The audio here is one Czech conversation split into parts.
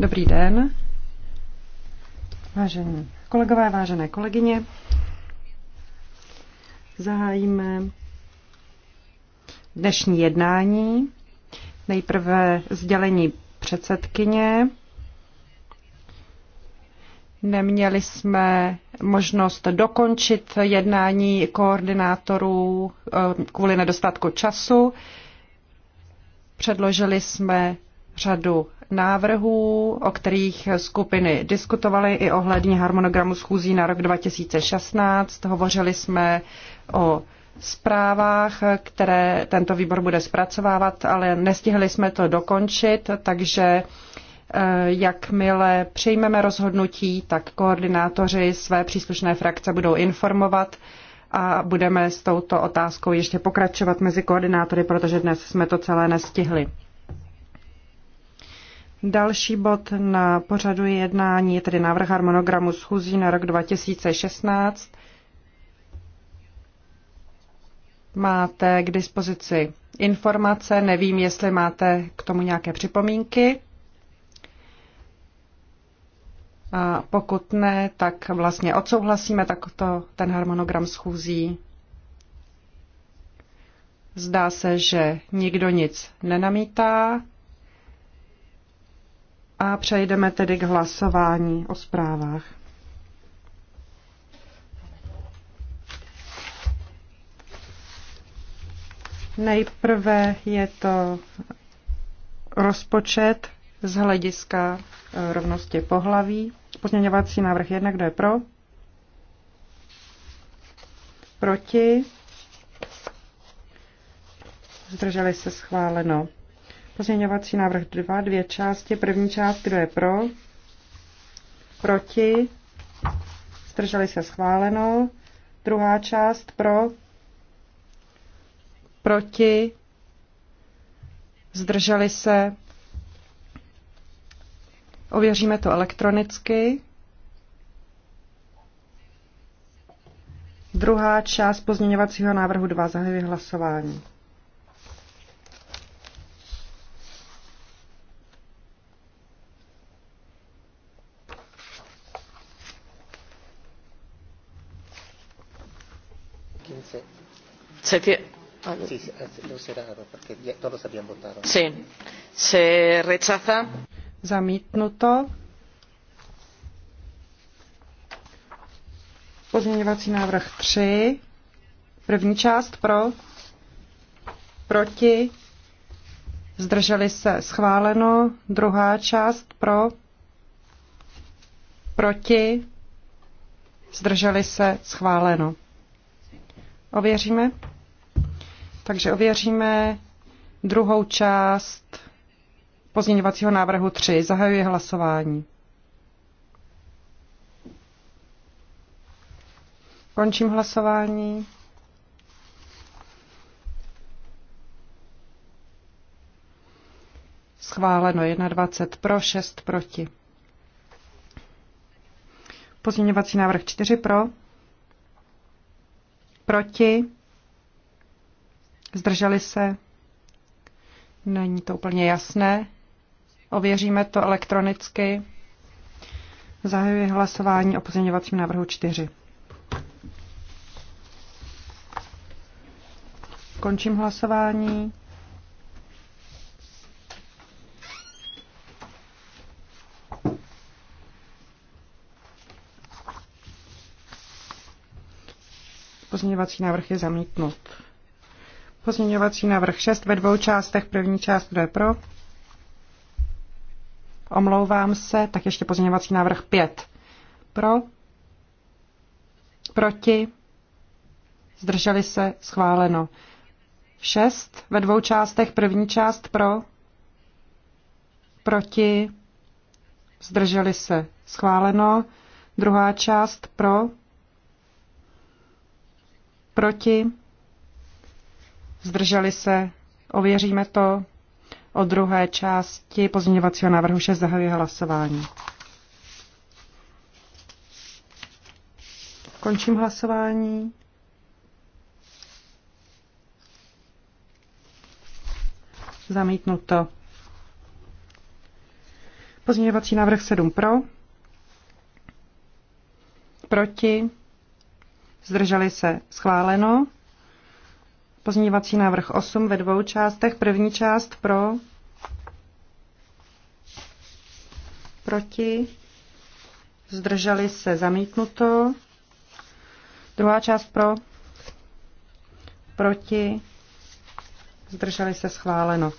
Dobrý den. Vážení kolegové, vážené kolegyně. Zahájíme dnešní jednání. Nejprve sdělení předsedkyně. Neměli jsme možnost dokončit jednání koordinátorů eh, kvůli nedostatku času. Předložili jsme řadu návrhů, o kterých skupiny diskutovaly i ohledně harmonogramu schůzí na rok 2016. Hovořili jsme o zprávách, které tento výbor bude zpracovávat, ale nestihli jsme to dokončit, takže eh, jakmile přijmeme rozhodnutí, tak koordinátoři své příslušné frakce budou informovat a budeme s touto otázkou ještě pokračovat mezi koordinátory, protože dnes jsme to celé nestihli. Další bod na pořadu jednání je tedy návrh harmonogramu schůzí na rok 2016. Máte k dispozici informace, nevím, jestli máte k tomu nějaké připomínky. A pokud ne, tak vlastně odsouhlasíme takto ten harmonogram schůzí. Zdá se, že nikdo nic nenamítá. A přejdeme tedy k hlasování o zprávách. Nejprve je to rozpočet z hlediska e, rovnosti pohlaví. Pozměňovací návrh 1, kdo je pro? Proti? Zdrželi se schváleno. Pozměňovací návrh 2, dvě části. První část, kdo je pro? Proti? Zdrželi se schváleno. Druhá část pro? Proti? Zdrželi se Ověříme to elektronicky. Druhá část pozměňovacího návrhu 2 zahajuje hlasování. Se tie... Sí, lo no será, porque todos habían votado. Se rechaza. Zamítnuto. Pozměňovací návrh 3. První část pro, proti, zdrželi se schváleno. Druhá část pro, proti, zdrželi se schváleno. Ověříme? Takže ověříme druhou část pozměňovacího návrhu 3. Zahajuji hlasování. Končím hlasování. Schváleno 21 pro, 6 proti. Pozměňovací návrh 4 pro. Proti. Zdrželi se. Není to úplně jasné. Ověříme to elektronicky. Zahajuji hlasování o pozměňovacím návrhu 4. Končím hlasování. Pozměňovací návrh je zamítnut. Pozměňovací návrh 6 ve dvou částech. První část, kdo je pro? omlouvám se, tak ještě pozměňovací návrh 5. Pro, proti, zdrželi se, schváleno. 6 ve dvou částech, první část pro, proti, zdrželi se, schváleno. Druhá část pro, proti, zdrželi se, ověříme to, O druhé části pozměňovacího návrhu 6 zahajuje hlasování. Končím hlasování. Zamítnuto. Pozměňovací návrh 7 pro. Proti. Zdrželi se. Schváleno. Pozměňovací návrh 8 ve dvou částech. První část pro, proti, zdrželi se zamítnuto. Druhá část pro, proti, zdrželi se schváleno.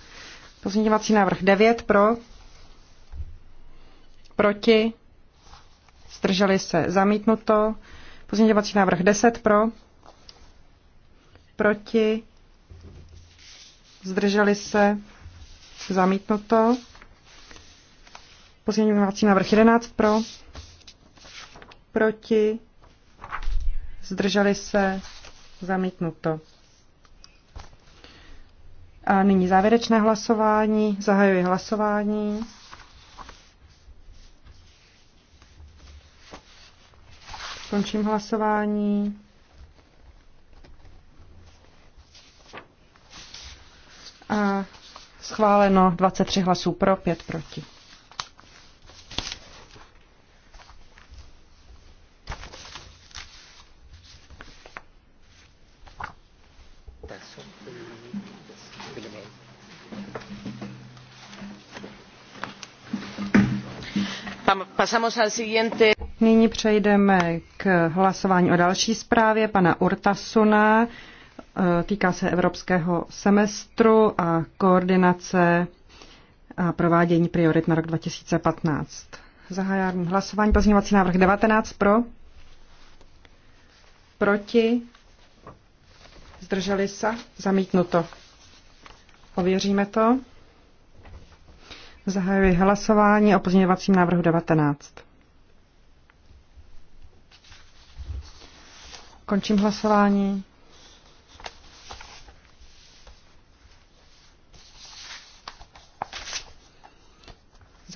Pozměňovací návrh 9 pro, proti, zdrželi se zamítnuto. Pozměňovací návrh 10 pro, proti, zdrželi se, zamítnuto. Pozměňovací návrh 11 pro, proti, zdrželi se, zamítnuto. A nyní závěrečné hlasování. Zahajuji hlasování. Končím hlasování. A schváleno 23 hlasů pro, 5 proti. Nyní přejdeme k hlasování o další zprávě pana Urtasuna. E, týká se evropského semestru a koordinace a provádění priorit na rok 2015. Zahájím hlasování. Pozměňovací návrh 19 pro. Proti. Zdrželi se. Zamítnuto. Ověříme to. Zahajuji hlasování o pozměňovacím návrhu 19. Končím hlasování.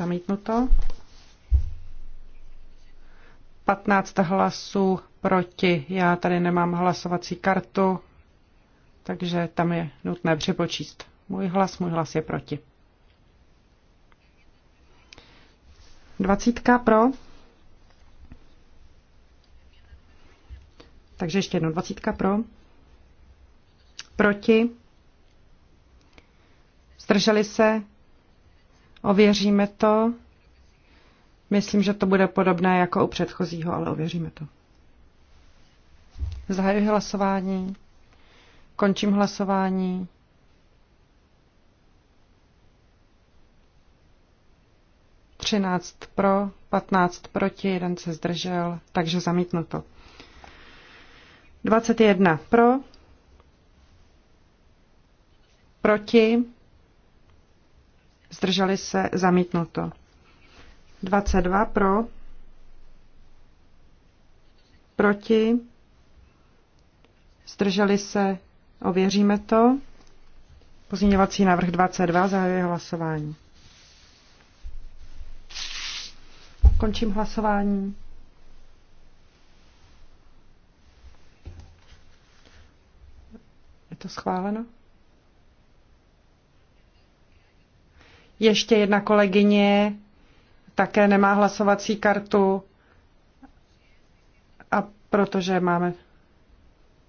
Zamítnuto. 15 hlasů proti. Já tady nemám hlasovací kartu, takže tam je nutné přepočíst. Můj hlas, můj hlas je proti. 20 pro. Takže ještě jednou 20 pro. Proti. Zdrželi se. Ověříme to. Myslím, že to bude podobné jako u předchozího, ale ověříme to. Zahajuji hlasování. Končím hlasování. Třináct pro, patnáct proti, jeden se zdržel, takže zamítnuto. 21 pro, proti, zdrželi se, zamítnuto. 22 pro, proti, zdrželi se, ověříme to. Pozměňovací návrh 22 zahajuje hlasování. Končím hlasování. Je to schváleno? Ještě jedna kolegyně také nemá hlasovací kartu a protože máme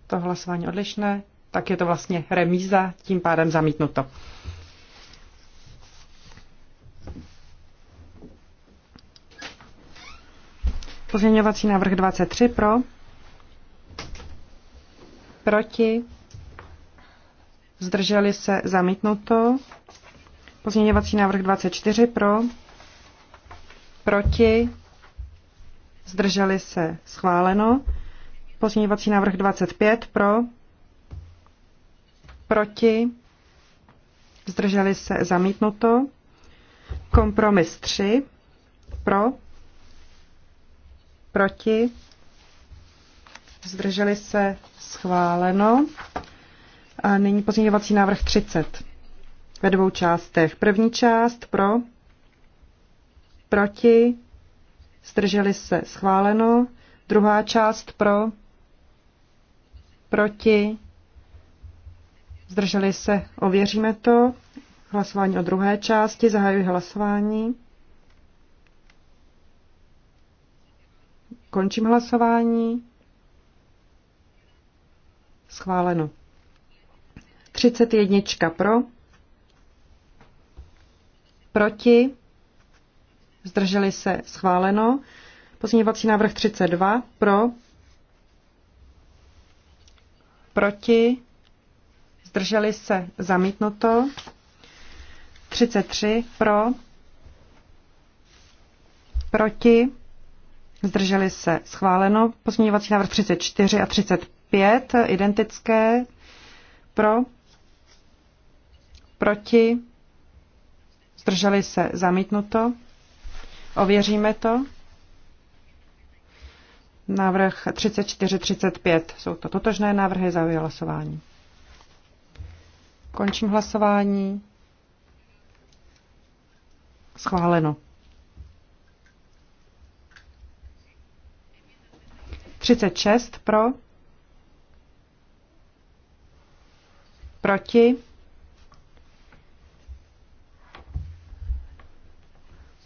to hlasování odlišné, tak je to vlastně remíza, tím pádem zamítnuto. Pozměňovací návrh 23 pro. Proti. Zdrželi se zamítnuto. Pozměňovací návrh 24 pro, proti, zdrželi se schváleno. Pozměňovací návrh 25 pro, proti, zdrželi se zamítnuto. Kompromis 3 pro, proti, zdrželi se schváleno. A nyní pozměňovací návrh 30 ve dvou částech. První část pro, proti, zdrželi se schváleno. Druhá část pro, proti, zdrželi se, ověříme to. Hlasování o druhé části, zahajuji hlasování. Končím hlasování. Schváleno. 31 pro, proti, zdrželi se schváleno. Pozměňovací návrh 32 pro, proti, zdrželi se zamítnuto. 33 pro, proti, zdrželi se schváleno. Pozměňovací návrh 34 a 35 identické pro, proti, Zdrželi se zamítnuto. Ověříme to. Návrh 34-35. Jsou to totožné návrhy, za hlasování. Končím hlasování. Schváleno. 36 pro. Proti.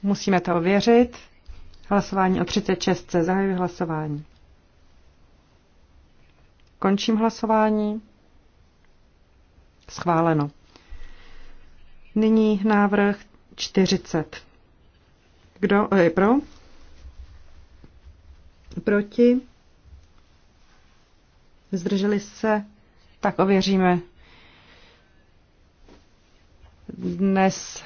Musíme to ověřit. Hlasování o 36. Zahajuji hlasování. Končím hlasování. Schváleno. Nyní návrh 40. Kdo eh, je pro? Proti? Zdrželi se? Tak ověříme. Dnes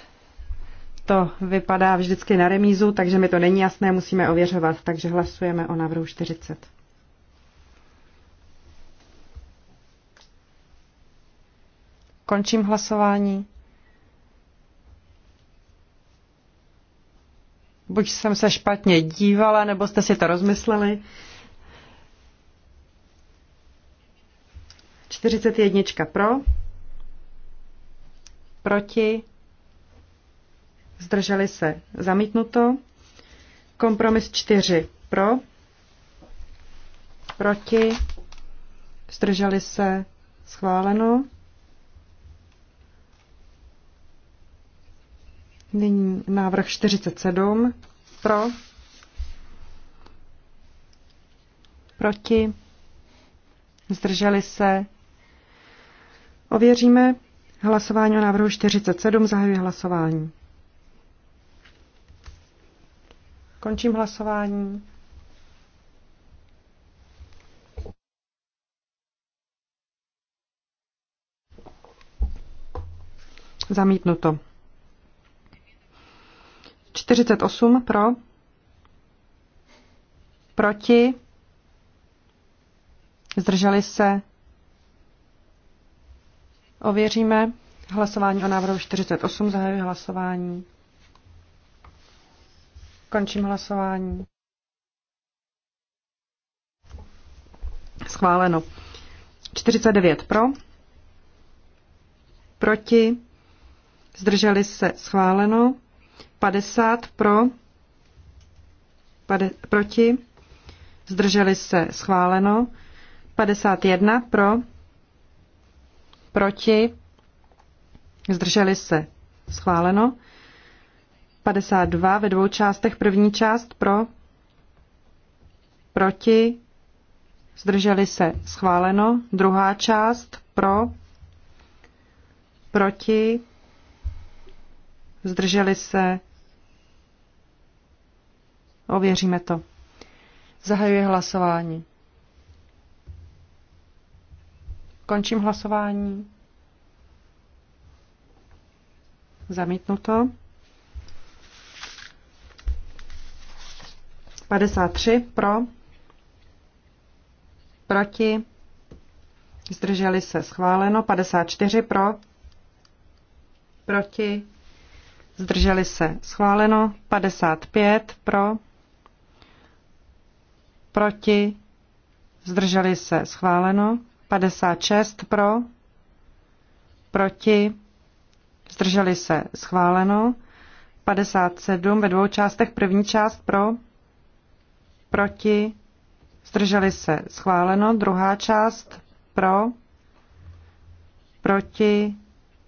to vypadá vždycky na remízu, takže mi to není jasné, musíme ověřovat. Takže hlasujeme o návrhu 40. Končím hlasování. Buď jsem se špatně dívala, nebo jste si to rozmysleli. 41 pro, proti, zdrželi se zamítnuto. Kompromis 4 pro, proti, zdrželi se schváleno. Nyní návrh 47 pro, proti, zdrželi se. Ověříme hlasování o návrhu 47, zahajuji hlasování. Končím hlasování. Zamítnuto. 48 pro. Proti. Zdrželi se. Ověříme hlasování o návrhu 48. Zahajuji hlasování. Končím hlasování. Schváleno. 49 pro. Proti. Zdrželi se. Schváleno. 50 pro. Pade, proti. Zdrželi se. Schváleno. 51 pro. Proti. Zdrželi se. Schváleno. 52 ve dvou částech. První část pro, proti, zdrželi se, schváleno. Druhá část pro, proti, zdrželi se, ověříme to. Zahajuje hlasování. Končím hlasování. Zamítnuto. 53 pro, proti, zdrželi se schváleno, 54 pro, proti, zdrželi se schváleno, 55 pro, proti, zdrželi se schváleno, 56 pro, proti, zdrželi se schváleno, 57 ve dvou částech, první část pro, proti, zdrželi se, schváleno. Druhá část, pro, proti,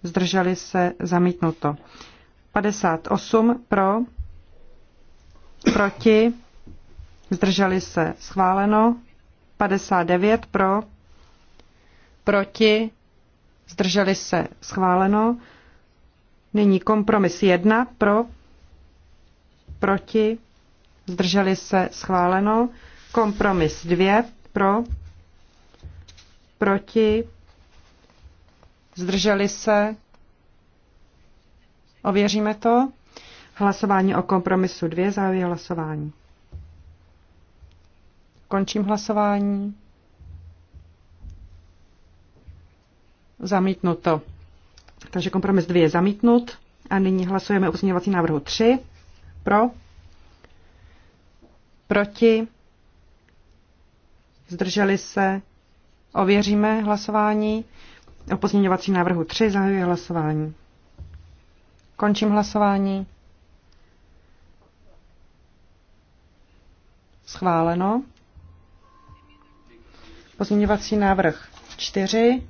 zdrželi se, zamítnuto. 58 pro, proti, zdrželi se, schváleno. 59 pro, proti, zdrželi se, schváleno. Nyní kompromis 1 pro, proti, zdrželi se schváleno. Kompromis 2 pro, proti, zdrželi se, ověříme to. Hlasování o kompromisu 2 závěr hlasování. Končím hlasování. Zamítnuto. Takže kompromis 2 je zamítnut. A nyní hlasujeme o pozměňovací návrhu 3. Pro. Proti? Zdrželi se? Ověříme hlasování. O pozměňovací návrhu 3 zahajuje hlasování. Končím hlasování. Schváleno. Pozměňovací návrh 4.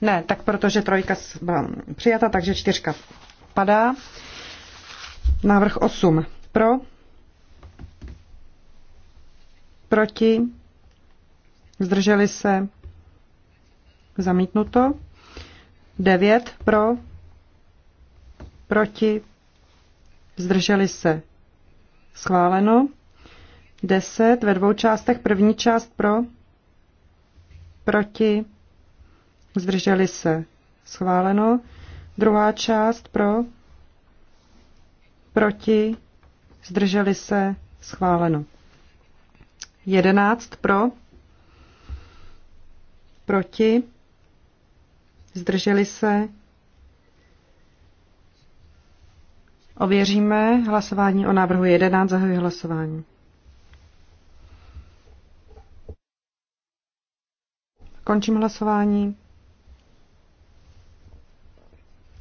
Ne, tak protože trojka byla přijata, takže čtyřka padá. Návrh 8. Pro. Proti? Zdrželi se? Zamítnuto. 9 pro? Proti? Zdrželi se? Schváleno. 10 ve dvou částech. První část pro? Proti? Zdrželi se? Schváleno. Druhá část pro? Proti? Zdrželi se? Schváleno. 11 pro, proti, zdrželi se. Ověříme hlasování o návrhu 11, zahajuji hlasování. Končím hlasování.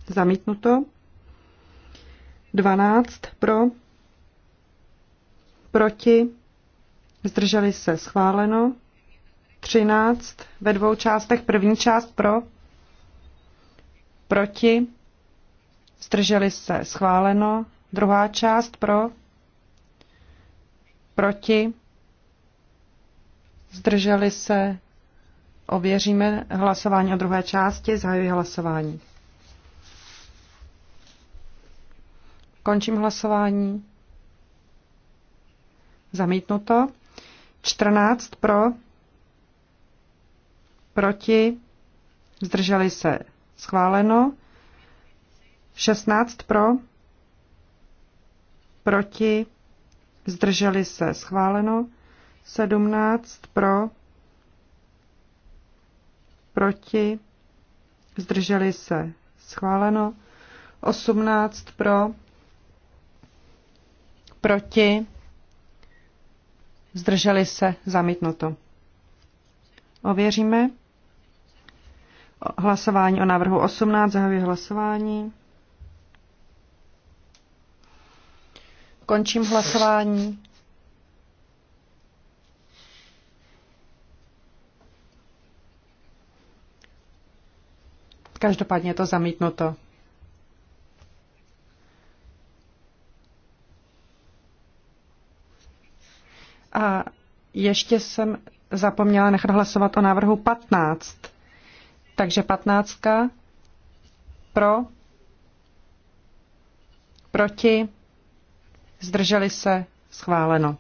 Zamítnuto. 12 pro, proti, zdrželi se schváleno. 13 ve dvou částech. První část pro, proti, zdrželi se schváleno. Druhá část pro, proti, zdrželi se. Ověříme hlasování o druhé části, zahajuji hlasování. Končím hlasování. Zamítnuto. 14 pro, proti, zdrželi se schváleno, 16 pro, proti, zdrželi se schváleno, 17 pro, proti, zdrželi se schváleno, 18 pro, proti, zdrželi se, zamítnuto. Ověříme. Hlasování o návrhu 18, zahajuji hlasování. Končím hlasování. Každopádně je to zamítnuto. A ještě jsem zapomněla nechat hlasovat o návrhu 15. Takže 15. Pro. Proti. Zdrželi se. Schváleno.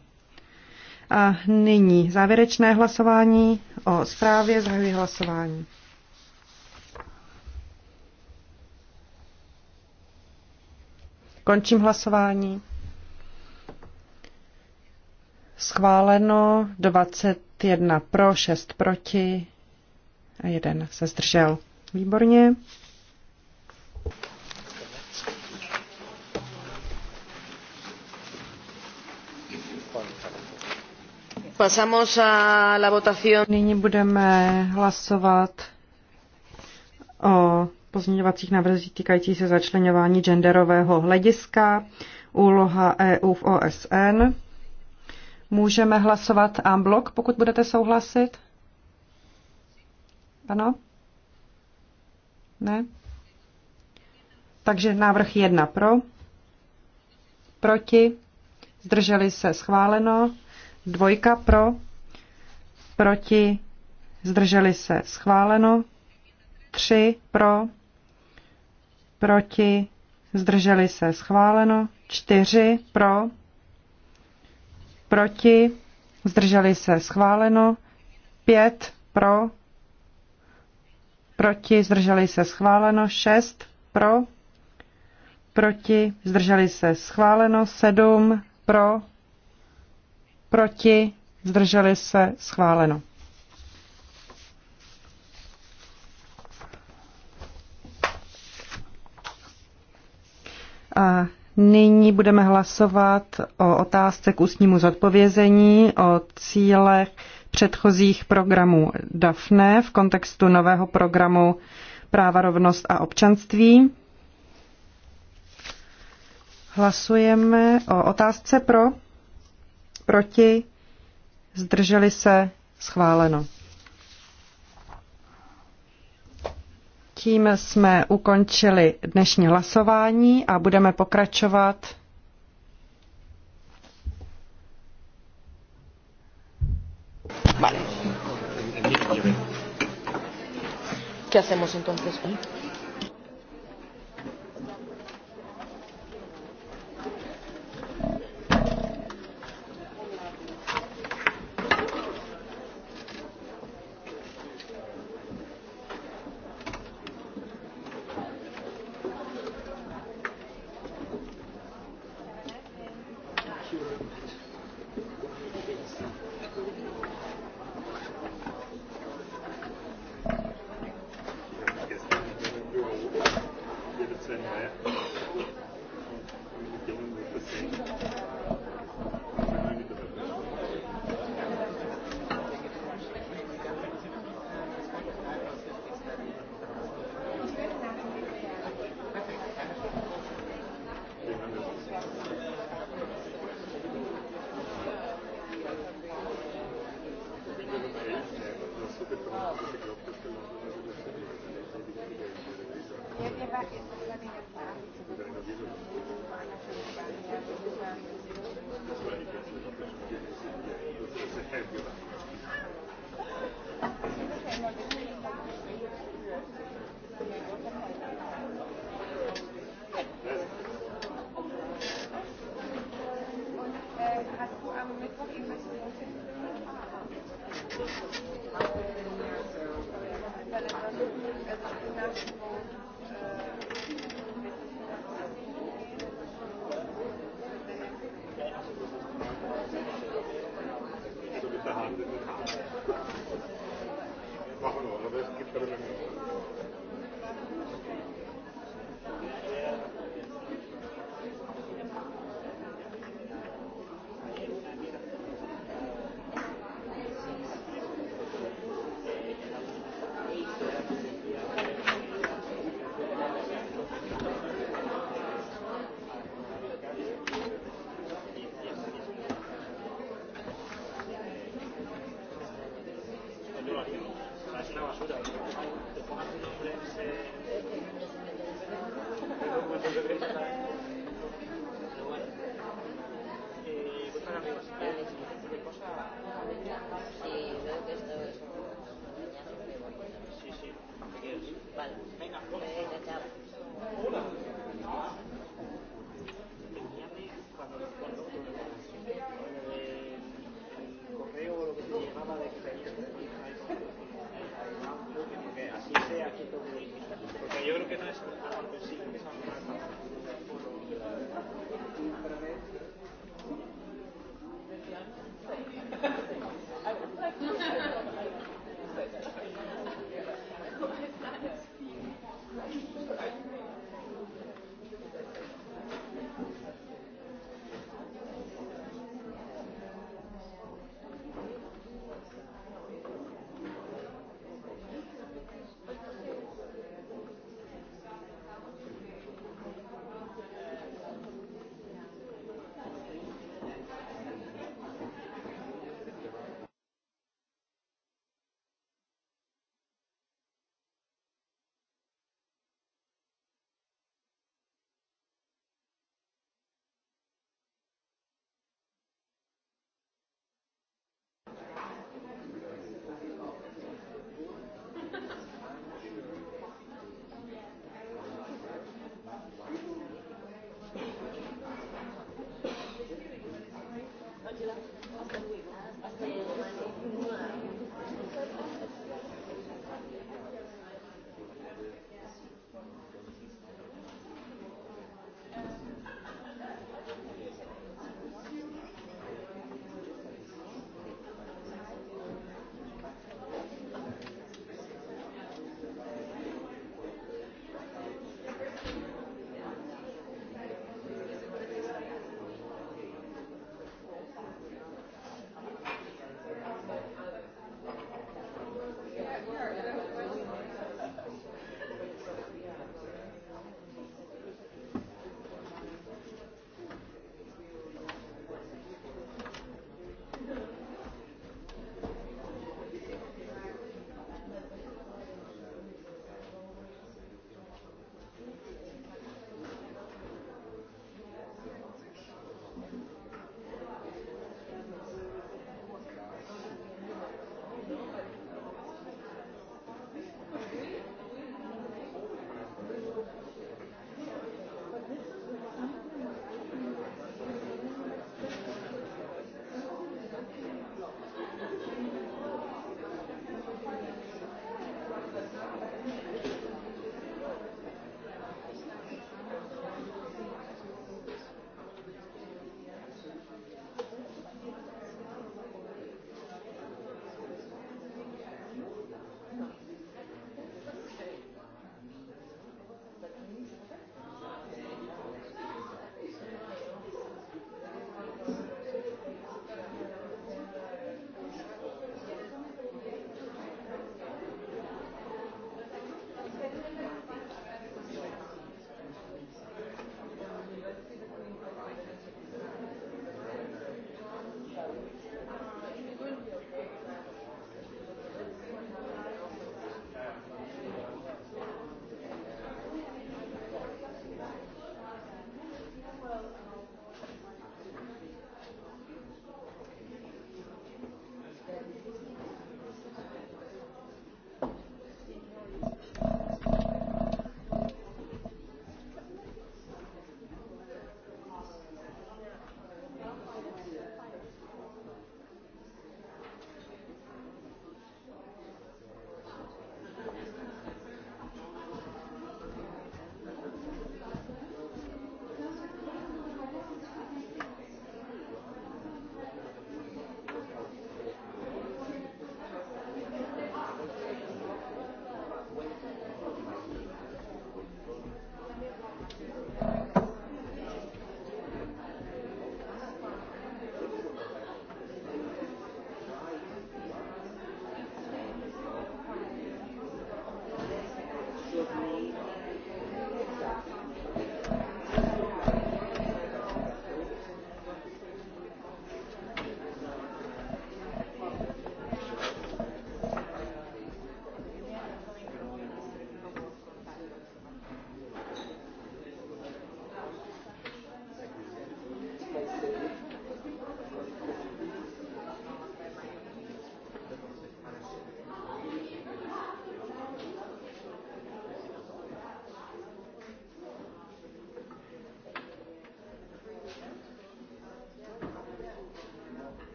A nyní závěrečné hlasování o zprávě. Zahajuji hlasování. Končím hlasování. Schváleno 21 pro, 6 proti a jeden se zdržel. Výborně. Pasamos a la votación. Nyní budeme hlasovat o pozměňovacích návrzích týkající se začlenování genderového hlediska, úloha EU v OSN. Můžeme hlasovat en blok, pokud budete souhlasit? Ano? Ne? Takže návrh jedna pro, proti, zdrželi se schváleno, dvojka pro, proti, zdrželi se schváleno, tři pro, proti, zdrželi se schváleno, čtyři pro, proti, zdrželi se schváleno, Pět pro, proti, zdrželi se schváleno, Šest pro, proti, zdrželi se schváleno, Sedm pro, proti, zdrželi se schváleno. A Nyní budeme hlasovat o otázce k ústnímu zodpovězení, o cílech předchozích programů DAFNE v kontextu nového programu Práva, rovnost a občanství. Hlasujeme o otázce pro, proti, zdrželi se, schváleno. tím jsme ukončili dnešní hlasování a budeme pokračovat. Vale. ¿Qué hacemos entonces?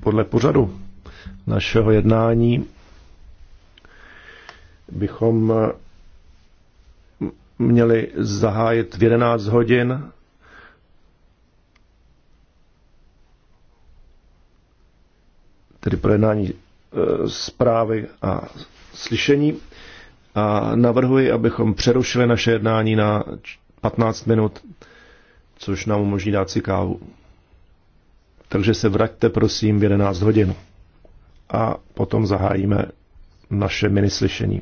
Podle pořadu našeho jednání bychom eh, měli zahájit v 11 hodin tedy projednání eh, zprávy a slyšení. A navrhuji, abychom přerušili naše jednání na 15 minut což nám umožní dát si kávu. Takže se vraťte prosím v 11 hodin a potom zahájíme naše minislyšení.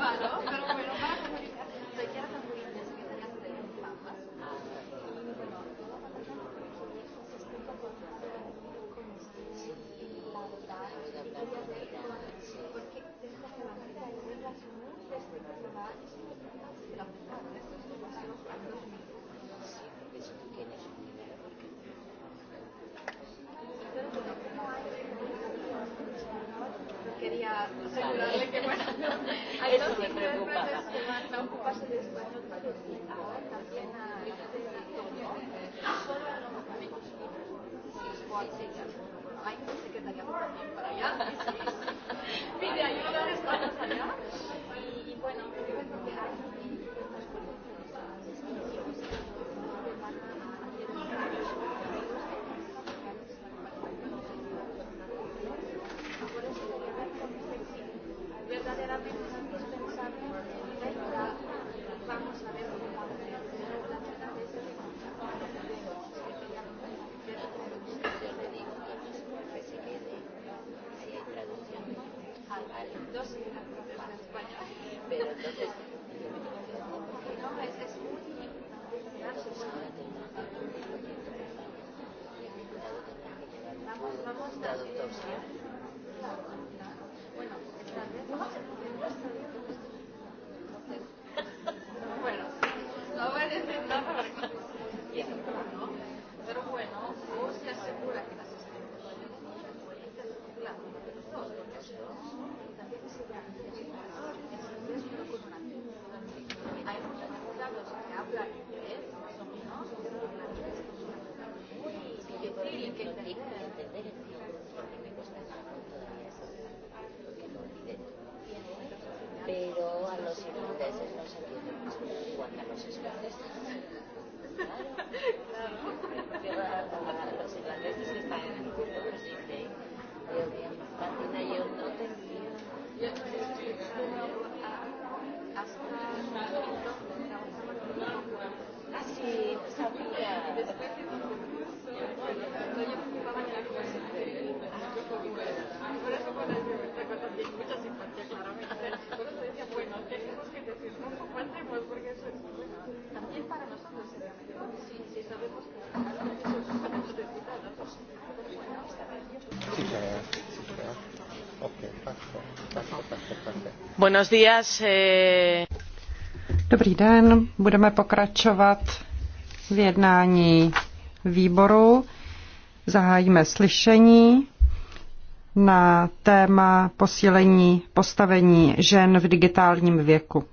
malo, pero bueno, para comunicar. Soy Chiara Tamburini, escrita en castellano en Pampas. Y bueno, toda la persona se explica por cómo se la verdad, la historia de ella, porque desde que la vida de las mujeres de Canadá, es una persona que la verdad, es una persona que dos para España. Pero entonces, no, es, es muy Vamos, vamos, traductor. Bueno, esta vez. Eh. Dobrý den, budeme pokračovat v jednání výboru. Zahájíme slyšení na téma posílení postavení žen v digitálním věku.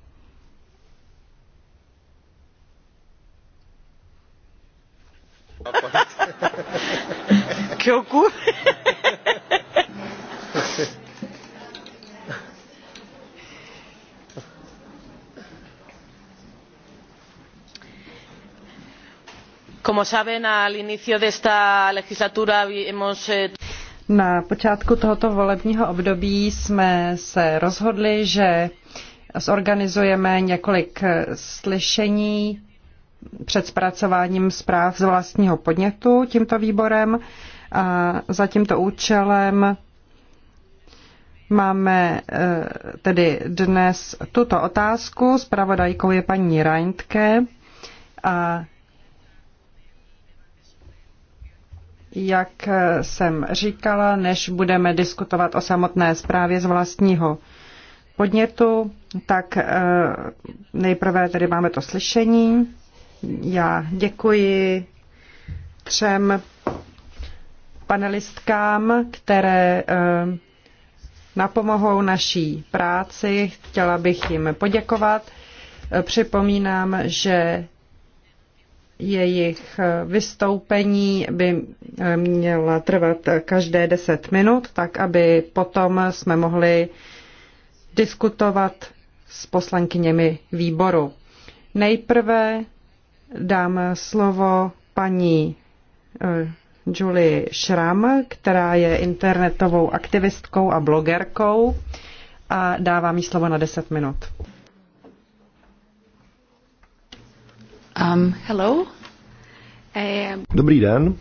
como saben al inicio de esta legislatura hemos eh, na počátku tohoto volebního období jsme se rozhodli, že zorganizujeme několik eh, slyšení před zpracováním zpráv z vlastního podnětu tímto výborem. A za tímto účelem máme eh, tedy dnes tuto otázku. Spravodajkou je paní Reintke a Jak jsem říkala, než budeme diskutovat o samotné zprávě z vlastního podnětu, tak eh, nejprve tady máme to slyšení. Já děkuji třem panelistkám, které eh, napomohou naší práci. Chtěla bych jim poděkovat. Připomínám, že jejich eh, vystoupení by eh, měla trvat každé 10 minut, tak aby potom jsme mohli diskutovat s poslankyněmi výboru. Nejprve dám slovo paní eh, Julie Schram, která je internetovou aktivistkou a blogerkou a dávám jí slovo na 10 minut. Um, hello. Um... Dobrý den.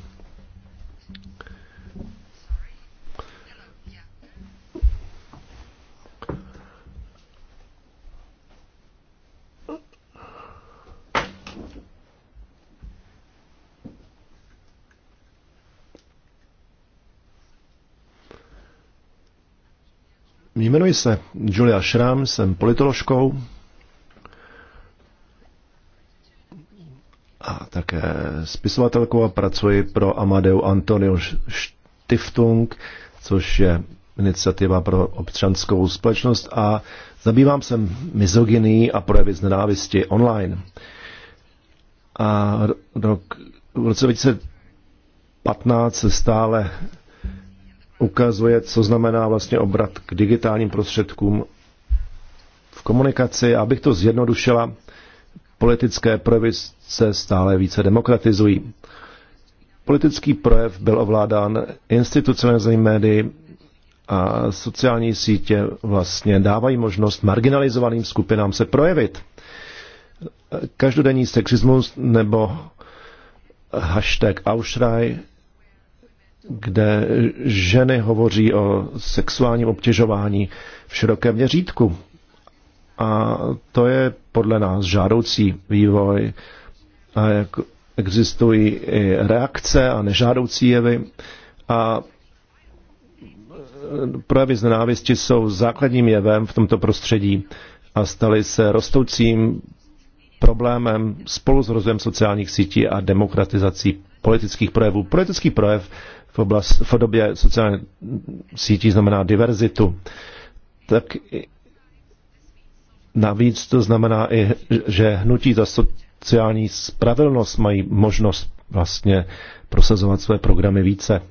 Jmenuji se Julia Šram, jsem politoložkou, a také spisovatelkou a pracuji pro Amadeu Antonio Stiftung, což je iniciativa pro občanskou společnost a zabývám se mizoginí a projevy z nenávisti online. A rok, v roce 2015 se stále ukazuje, co znamená vlastně obrat k digitálním prostředkům v komunikaci. Abych to zjednodušila, politické projevy se stále více demokratizují. Politický projev byl ovládán institucionalizovanými médii a sociální sítě vlastně dávají možnost marginalizovaným skupinám se projevit. Každodenní sexismus nebo hashtag Ausschrei, kde ženy hovoří o sexuálním obtěžování v širokém měřítku. A to je podle nás žádoucí vývoj. A jak existují i reakce a nežádoucí jevy. A projevy z nenávisti jsou základním jevem v tomto prostředí a staly se rostoucím problémem spolu s rozvojem sociálních sítí a demokratizací politických projevů. Politický projev v, oblast, v době sociálních sítí znamená diverzitu. Tak Navíc to znamená i, že hnutí za sociální spravedlnost mají možnost vlastně prosazovat své programy více.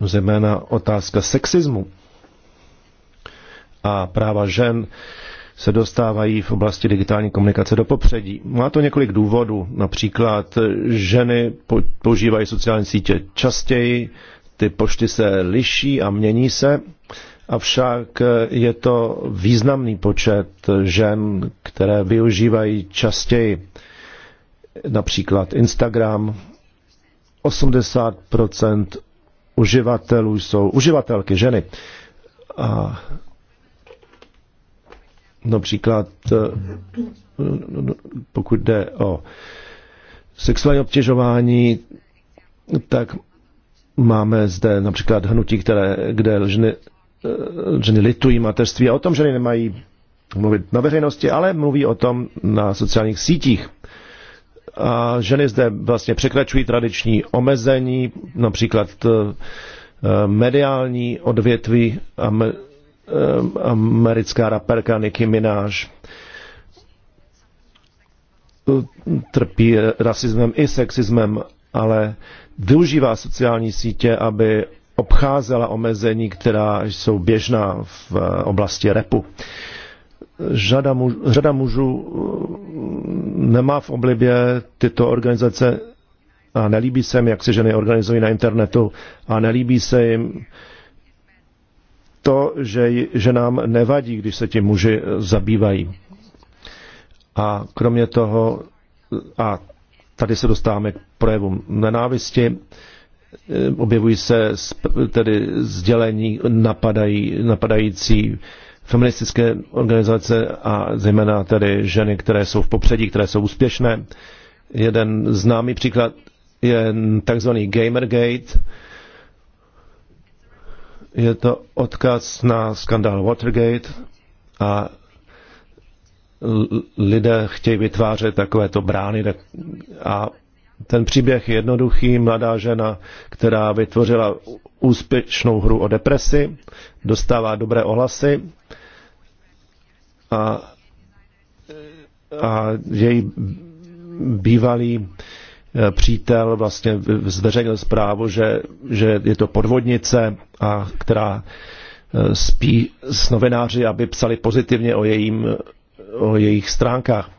Zejména otázka sexismu a práva žen se dostávají v oblasti digitální komunikace do popředí. Má to několik důvodů. Například ženy používají sociální sítě častěji, ty pošty se liší a mění se. Avšak je to významný počet žen, které využívají častěji například Instagram. 80% uživatelů jsou uživatelky ženy. A například eh, pokud jde o sexuální obtěžování, tak máme zde například hnutí, které, kde ženy Eh, ženy litují mateřství a o tom ženy nemají mluvit na veřejnosti, ale mluví o tom na sociálních sítích. A ženy zde vlastně překračují tradiční omezení, například eh, mediální odvětví eh, americká raperka Nicki Minaj trpí rasismem i sexismem, ale využívá sociální sítě, aby obcházela omezení, která jsou běžná v eh, oblasti repu. Řada, muž, řada mužů eh, nemá v oblibě tyto organizace a nelíbí se jim, jak se ženy organizují na internetu a nelíbí se jim to, že, že nám nevadí, když se ti muži eh, zabývají. A kromě toho, a tady se dostáváme k projevům nenávisti, Eh, objevují se tedy sdělení napadají, napadající feministické organizace a zejména tedy ženy, které jsou v popředí, které jsou úspěšné. Jeden známý příklad je takzvaný Gamergate. Je to odkaz na skandál Watergate a lidé chtějí vytvářet takovéto brány a ten příběh je jednoduchý. Mladá žena, která vytvořila úspěšnou hru o depresi, dostává dobré ohlasy a, a její bývalý e, přítel vlastně zveřejnil zprávu, že, že je to podvodnice, a která e, spí s novináři, aby psali pozitivně o, jejím, o jejich stránkách.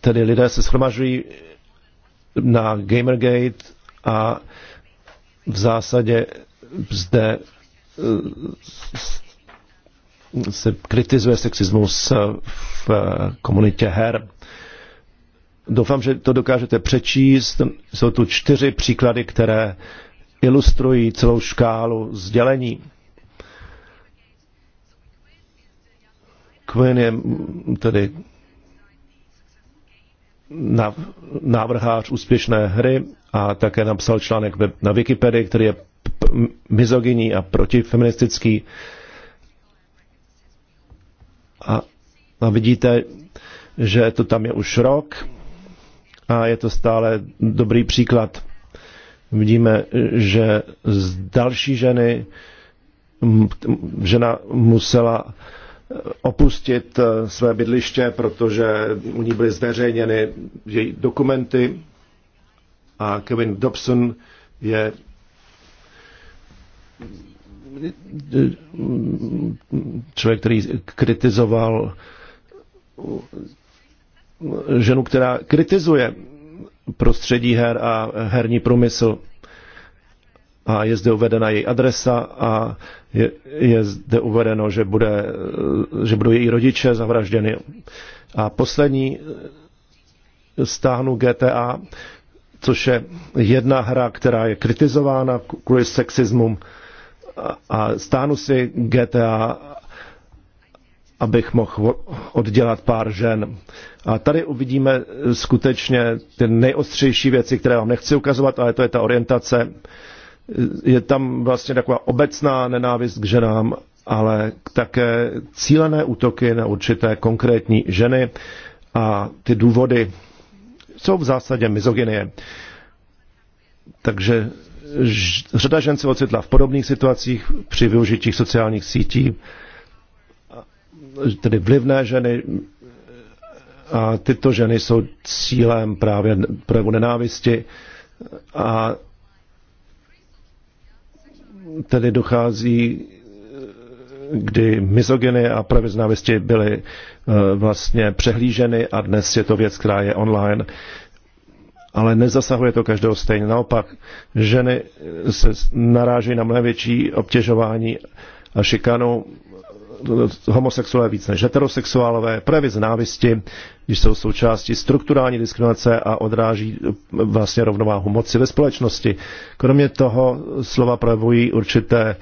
Tedy lidé se schromažují na Gamergate a v zásadě zde eh, se kritizuje sexismus v eh, komunitě her. Doufám, že to dokážete přečíst. Jsou tu čtyři příklady, které ilustrují celou škálu sdělení. Quinn je tedy návrhář úspěšné hry a také napsal článek na Wikipedii, který je mizogyní a protifeministický. A, a vidíte, že to tam je už rok a je to stále dobrý příklad. Vidíme, že z další ženy žena musela opustit eh, své bydliště, protože u ní byly zveřejněny její dokumenty a Kevin Dobson je člověk, který kritizoval ženu, která kritizuje prostředí her a herní průmysl a je zde uvedena její adresa a je, je zde uvedeno, že, bude, že budou její rodiče zavražděny. A poslední stáhnu GTA, což je jedna hra, která je kritizována kvůli sexismu. A stáhnu si GTA, abych mohl oddělat pár žen. A tady uvidíme skutečně ty nejostřejší věci, které vám nechci ukazovat, ale to je ta orientace je tam vlastně taková obecná nenávist k ženám, ale také cílené útoky na určité konkrétní ženy a ty důvody jsou v zásadě mizogynie. Takže řada žen se ocitla v podobných situacích při využití sociálních sítí, tedy vlivné ženy, a tyto ženy jsou cílem právě projevu nenávisti a tedy dochází, kdy mizogeny a projevy znávisti byly eh, vlastně přehlíženy a dnes je to věc, která je online ale nezasahuje to každého stejně. Naopak, ženy se narážejí na mnohem větší obtěžování a šikanu homosexuálové víc než heterosexuálové, projevy nenávisti, když jsou součástí strukturální diskriminace a odráží eh, vlastně rovnováhu moci ve společnosti. Kromě toho slova projevují určité eh,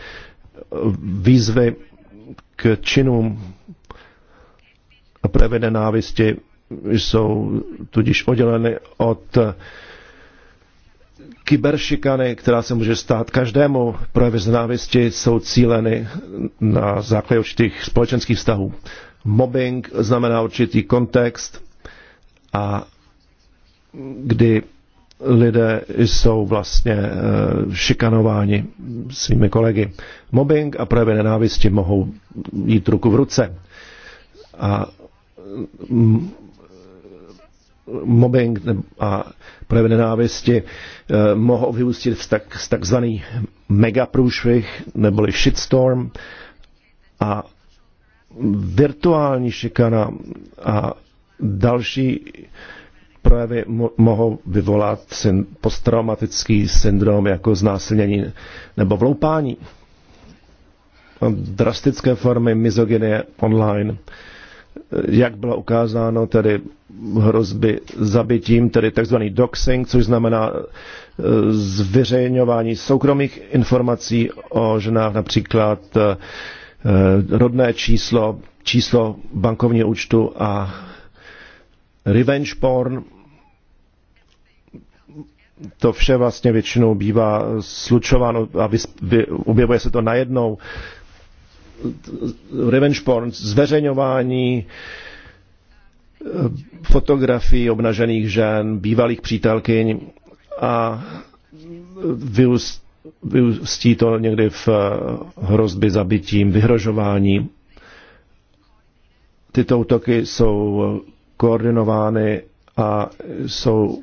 výzvy k činům a projevy nenávisti jsou tudíž odděleny od eh, kyberšikany, která se může stát každému, projevy znávisti jsou cíleny na základě určitých společenských vztahů. Mobbing znamená určitý kontext a kdy lidé jsou vlastně eh, šikanováni svými kolegy. Mobbing a projevy nenávisti mohou jít ruku v ruce. A mm, mobbing a projevy nenávisti eh, mohou vyústit v tak, z takzvaný megaprůšvih neboli shitstorm a virtuální šikana a další projevy mo- mohou vyvolat syn- posttraumatický syndrom jako znásilnění nebo vloupání. Drastické formy mizogynie online jak bylo ukázáno, tedy hrozby zabitím, tedy tzv. doxing, což znamená e, zveřejňování soukromých informací o ženách, například e, rodné číslo, číslo bankovního účtu a revenge porn. To vše vlastně většinou bývá slučováno a vy, vy, objevuje se to najednou revenge porn, zveřejňování eh, fotografií obnažených žen, bývalých přítelkyň a vyústí to někdy v eh, hrozby zabitím, vyhrožování. Tyto útoky jsou koordinovány a jsou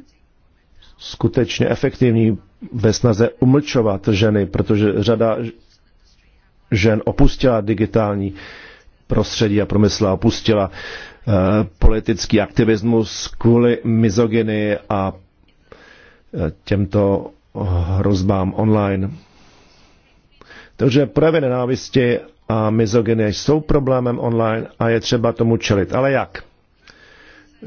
skutečně efektivní ve snaze umlčovat ženy, protože řada žen opustila digitální prostředí a promysla, opustila eh, politický aktivismus kvůli mizogyny a eh, těmto hrozbám online. Takže projevy nenávisti a mizogyny jsou problémem online a je třeba tomu čelit. Ale jak?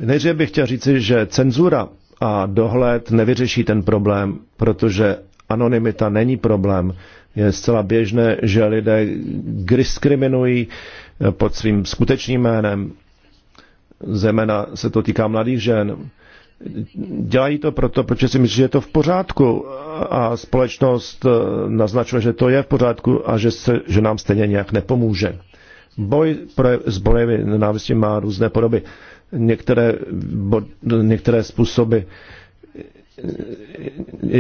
Nejdříve bych chtěl říci, že cenzura a dohled nevyřeší ten problém, protože anonymita není problém. Je zcela běžné, že lidé diskriminují eh, pod svým skutečným jménem. zejména se to týká mladých žen. Dělají to proto, protože si myslí, že je to v pořádku a společnost eh, naznačuje, že to je v pořádku a že, se, že nám stejně nějak nepomůže. Boj pro, s bojem nenávistí má různé podoby. Některé, bo, některé způsoby uh,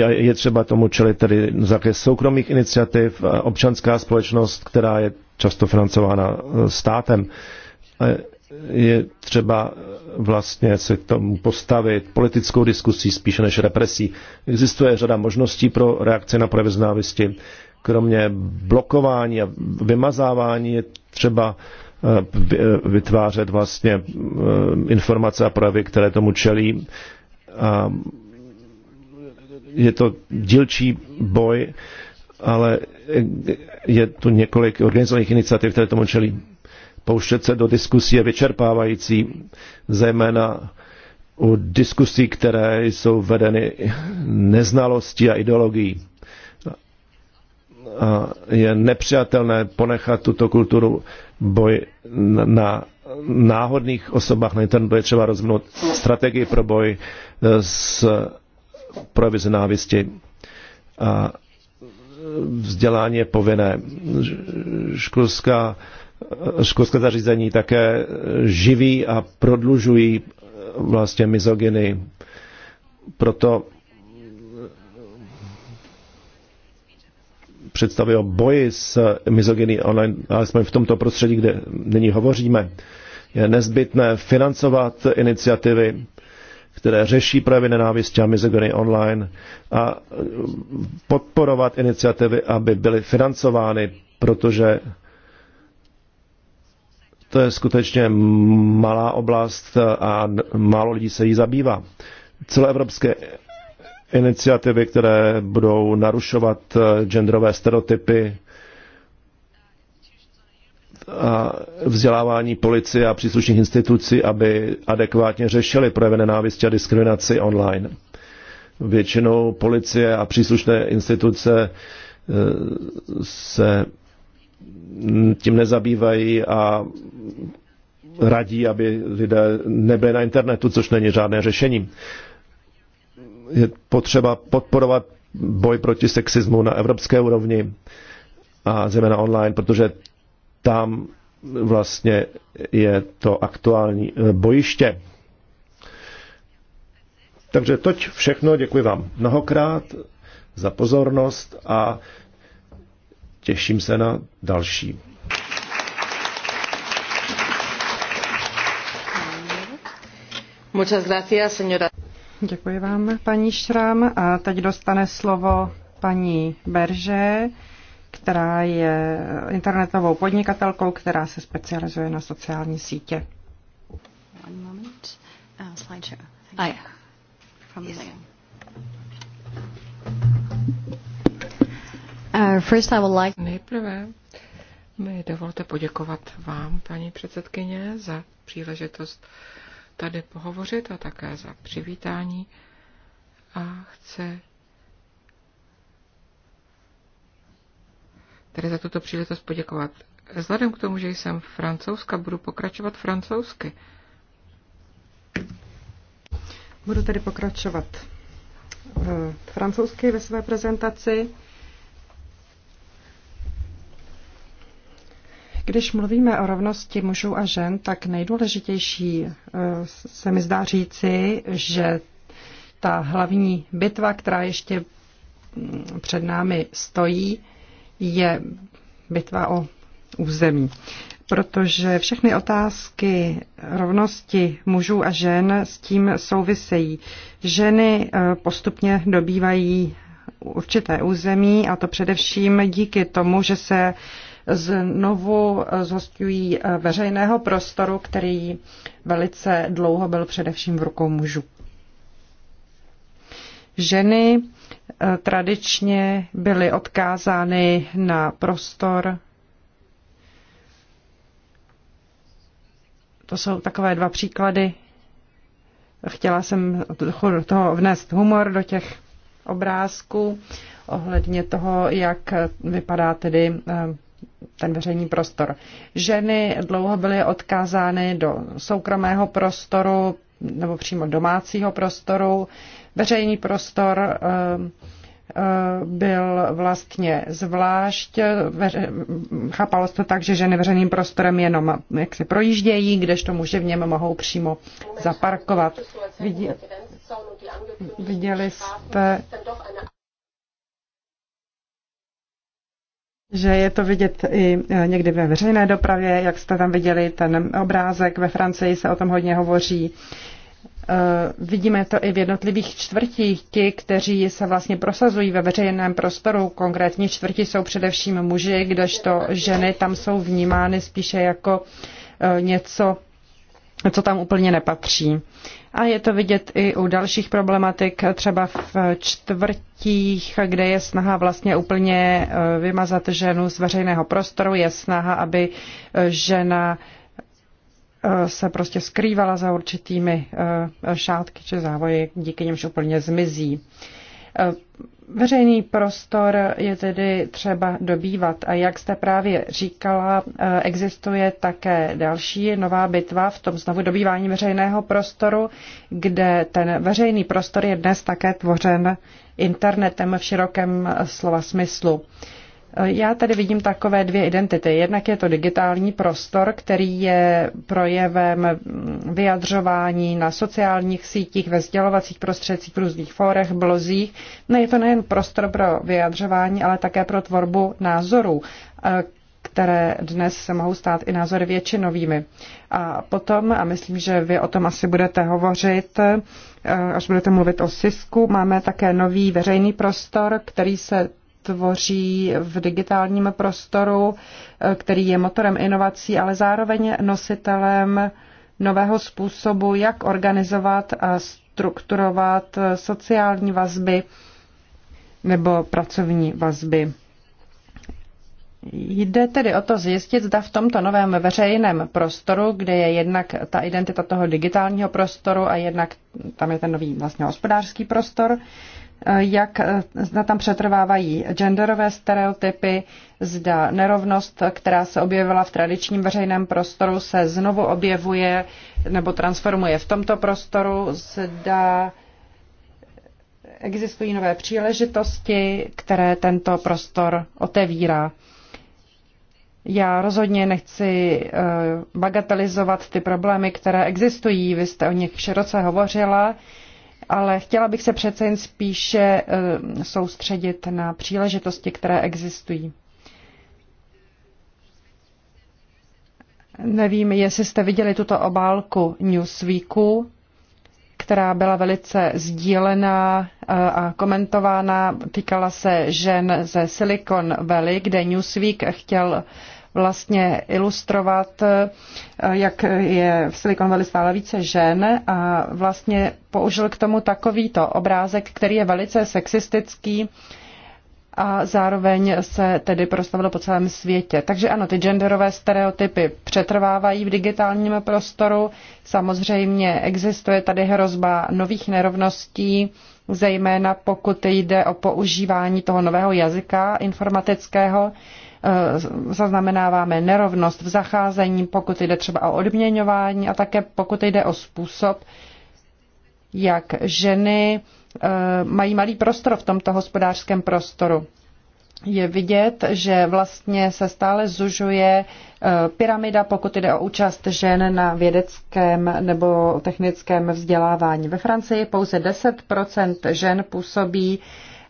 je třeba tomu čelit tedy zákaz soukromých iniciativ, eh, občanská společnost, která je často financována eh, státem. Eh, je třeba vlastně se k tomu postavit politickou diskusí spíše než represí. Existuje řada možností pro reakce na projev znávisti. Kromě blokování a vymazávání je třeba vytvářet vlastně informace a projevy, které tomu čelí a je to dílčí boj, ale je tu několik organizovaných iniciativ, které tomu čelí. Pouštět se do diskusí je vyčerpávající, zejména u diskusí, které jsou vedeny neznalostí a ideologií. A je nepřijatelné ponechat tuto kulturu boj na náhodných osobách na internetu. Je třeba rozvinout strategii pro boj s projevy z nenávisti. A vzdělání je povinné. Školská, školské zařízení také živí a prodlužují vlastně mizoginy. Proto představy o boji s mizoginy online, alespoň v tomto prostředí, kde nyní hovoříme, je nezbytné financovat iniciativy které řeší právě nenávist a mizogony online a eh, podporovat iniciativy, aby byly financovány, protože to je skutečně malá oblast eh, a málo lidí se jí zabývá. Celoevropské iniciativy, které budou narušovat eh, genderové stereotypy, a vzdělávání policie a příslušných institucí, aby adekvátně řešili projevy nenávisti a diskriminaci online. Většinou policie a příslušné instituce e, se tím nezabývají a radí, aby lidé nebyli na internetu, což není žádné řešení. Je potřeba podporovat boj proti sexismu na evropské úrovni a zejména online, protože tam vlastně je to aktuální eh, bojiště. Takže toť všechno, děkuji vám mnohokrát za pozornost a těším se na další. Muchas gracias, señora. Děkuji vám, paní Šram. A teď dostane slovo paní Berže která je internetovou podnikatelkou, která se specializuje na sociální sítě. One moment. Uh, slideshow. From yes. Uh, first I would like... Nejprve mi dovolte poděkovat vám, paní předsedkyně, za příležitost tady pohovořit a také za přivítání. A chci tedy za tuto příležitost poděkovat. Vzhledem k tomu, že jsem francouzka, budu pokračovat francouzsky. Budu tedy pokračovat eh, francouzsky ve své prezentaci. Když mluvíme o rovnosti mužů a žen, tak nejdůležitější eh, se mi zdá říci, že ta hlavní bitva, která ještě mm, před námi stojí, je bitva o území, protože všechny otázky rovnosti mužů a žen s tím souvisejí. Ženy eh, postupně dobývají určité území a to především díky tomu, že se znovu eh, zhostují eh, veřejného prostoru, který velice dlouho byl především v rukou mužů. Ženy eh, tradičně byly odkázány na prostor. To jsou takové dva příklady. Chtěla jsem toho vnést humor do těch obrázků ohledně toho, jak vypadá tedy eh, ten veřejný prostor. Ženy dlouho byly odkázány do soukromého prostoru nebo přímo domácího prostoru veřejný prostor ehm, ehm, byl vlastně zvlášť, veře, chápalo se to tak, že ženy veřejným prostorem jenom jak si projíždějí, kdežto muži v něm mohou přímo zaparkovat. viděli jste, že je to vidět i eh, někdy ve veřejné dopravě, jak jste tam viděli ten obrázek, ve Francii se o tom hodně hovoří, Eh, vidíme to i v jednotlivých čtvrtích. Ti, kteří se vlastně prosazují ve veřejném prostoru, konkrétně čtvrti jsou především muži, kdežto ženy tam jsou vnímány spíše jako eh, něco, co tam úplně nepatří. A je to vidět i u dalších problematik, třeba v čtvrtích, kde je snaha vlastně úplně eh, vymazat ženu z veřejného prostoru, je snaha, aby žena Eh, se prostě skrývala za určitými eh, šátky či závoji, díky němž úplně zmizí. Eh, veřejný prostor je tedy třeba dobývat a jak jste právě říkala, existuje také další nová bitva v tom znovu dobývání veřejného prostoru, kde ten veřejný prostor je dnes také tvořen internetem v širokém slova smyslu. Já tady vidím takové dvě identity. Jednak je to digitální prostor, který je projevem vyjadřování na sociálních sítích, ve sdělovacích prostředcích, v různých fórech, blozích. No je to nejen prostor pro vyjadřování, ale také pro tvorbu názorů, eh, které dnes se mohou stát i názory většinovými. A potom, a myslím, že vy o tom asi budete hovořit, eh, až budete mluvit o SISku, máme také nový veřejný prostor, který se tvoří v digitálním prostoru, eh, který je motorem inovací, ale zároveň nositelem nového způsobu, jak organizovat a strukturovat eh, sociální vazby nebo pracovní vazby. Jde tedy o to zjistit, zda v tomto novém veřejném prostoru, kde je jednak ta identita toho digitálního prostoru a jednak tam je ten nový vlastně hospodářský prostor, Eh, jak eh, tam přetrvávají genderové stereotypy, zda nerovnost, která se objevila v tradičním veřejném prostoru, se znovu objevuje nebo transformuje v tomto prostoru, zda existují nové příležitosti, které tento prostor otevírá. Já rozhodně nechci eh, bagatelizovat ty problémy, které existují. Vy jste o nich široce hovořila ale chtěla bych se přece jen spíše eh, soustředit na příležitosti, které existují. Nevím, jestli jste viděli tuto obálku Newsweeku, která byla velice sdílená eh, a komentována. Týkala se žen ze Silicon Valley, kde Newsweek chtěl vlastně ilustrovat, eh, jak je v Silicon Valley stále více žen a vlastně použil k tomu takovýto obrázek, který je velice sexistický a zároveň se tedy prostavilo po celém světě. Takže ano, ty genderové stereotypy přetrvávají v digitálním prostoru. Samozřejmě existuje tady hrozba nových nerovností, zejména pokud jde o používání toho nového jazyka informatického, Eh, zaznamenáváme nerovnost v zacházení, pokud jde třeba o odměňování a také pokud jde o způsob, jak ženy eh, mají malý prostor v tomto hospodářském prostoru. Je vidět, že vlastně se stále zužuje eh, pyramida, pokud jde o účast žen na vědeckém nebo technickém vzdělávání. Ve Francii pouze 10 žen působí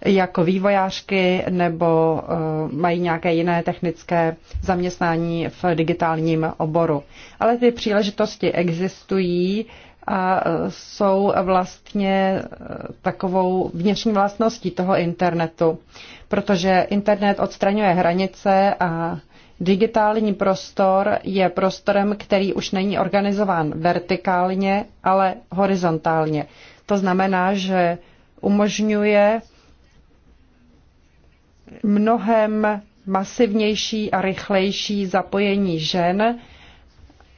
jako vývojářky nebo eh, mají nějaké jiné technické zaměstnání v digitálním oboru. Ale ty příležitosti existují a eh, jsou vlastně eh, takovou vnitřní vlastností toho internetu, protože internet odstraňuje hranice a digitální prostor je prostorem, který už není organizován vertikálně, ale horizontálně. To znamená, že umožňuje mnohem masivnější a rychlejší zapojení žen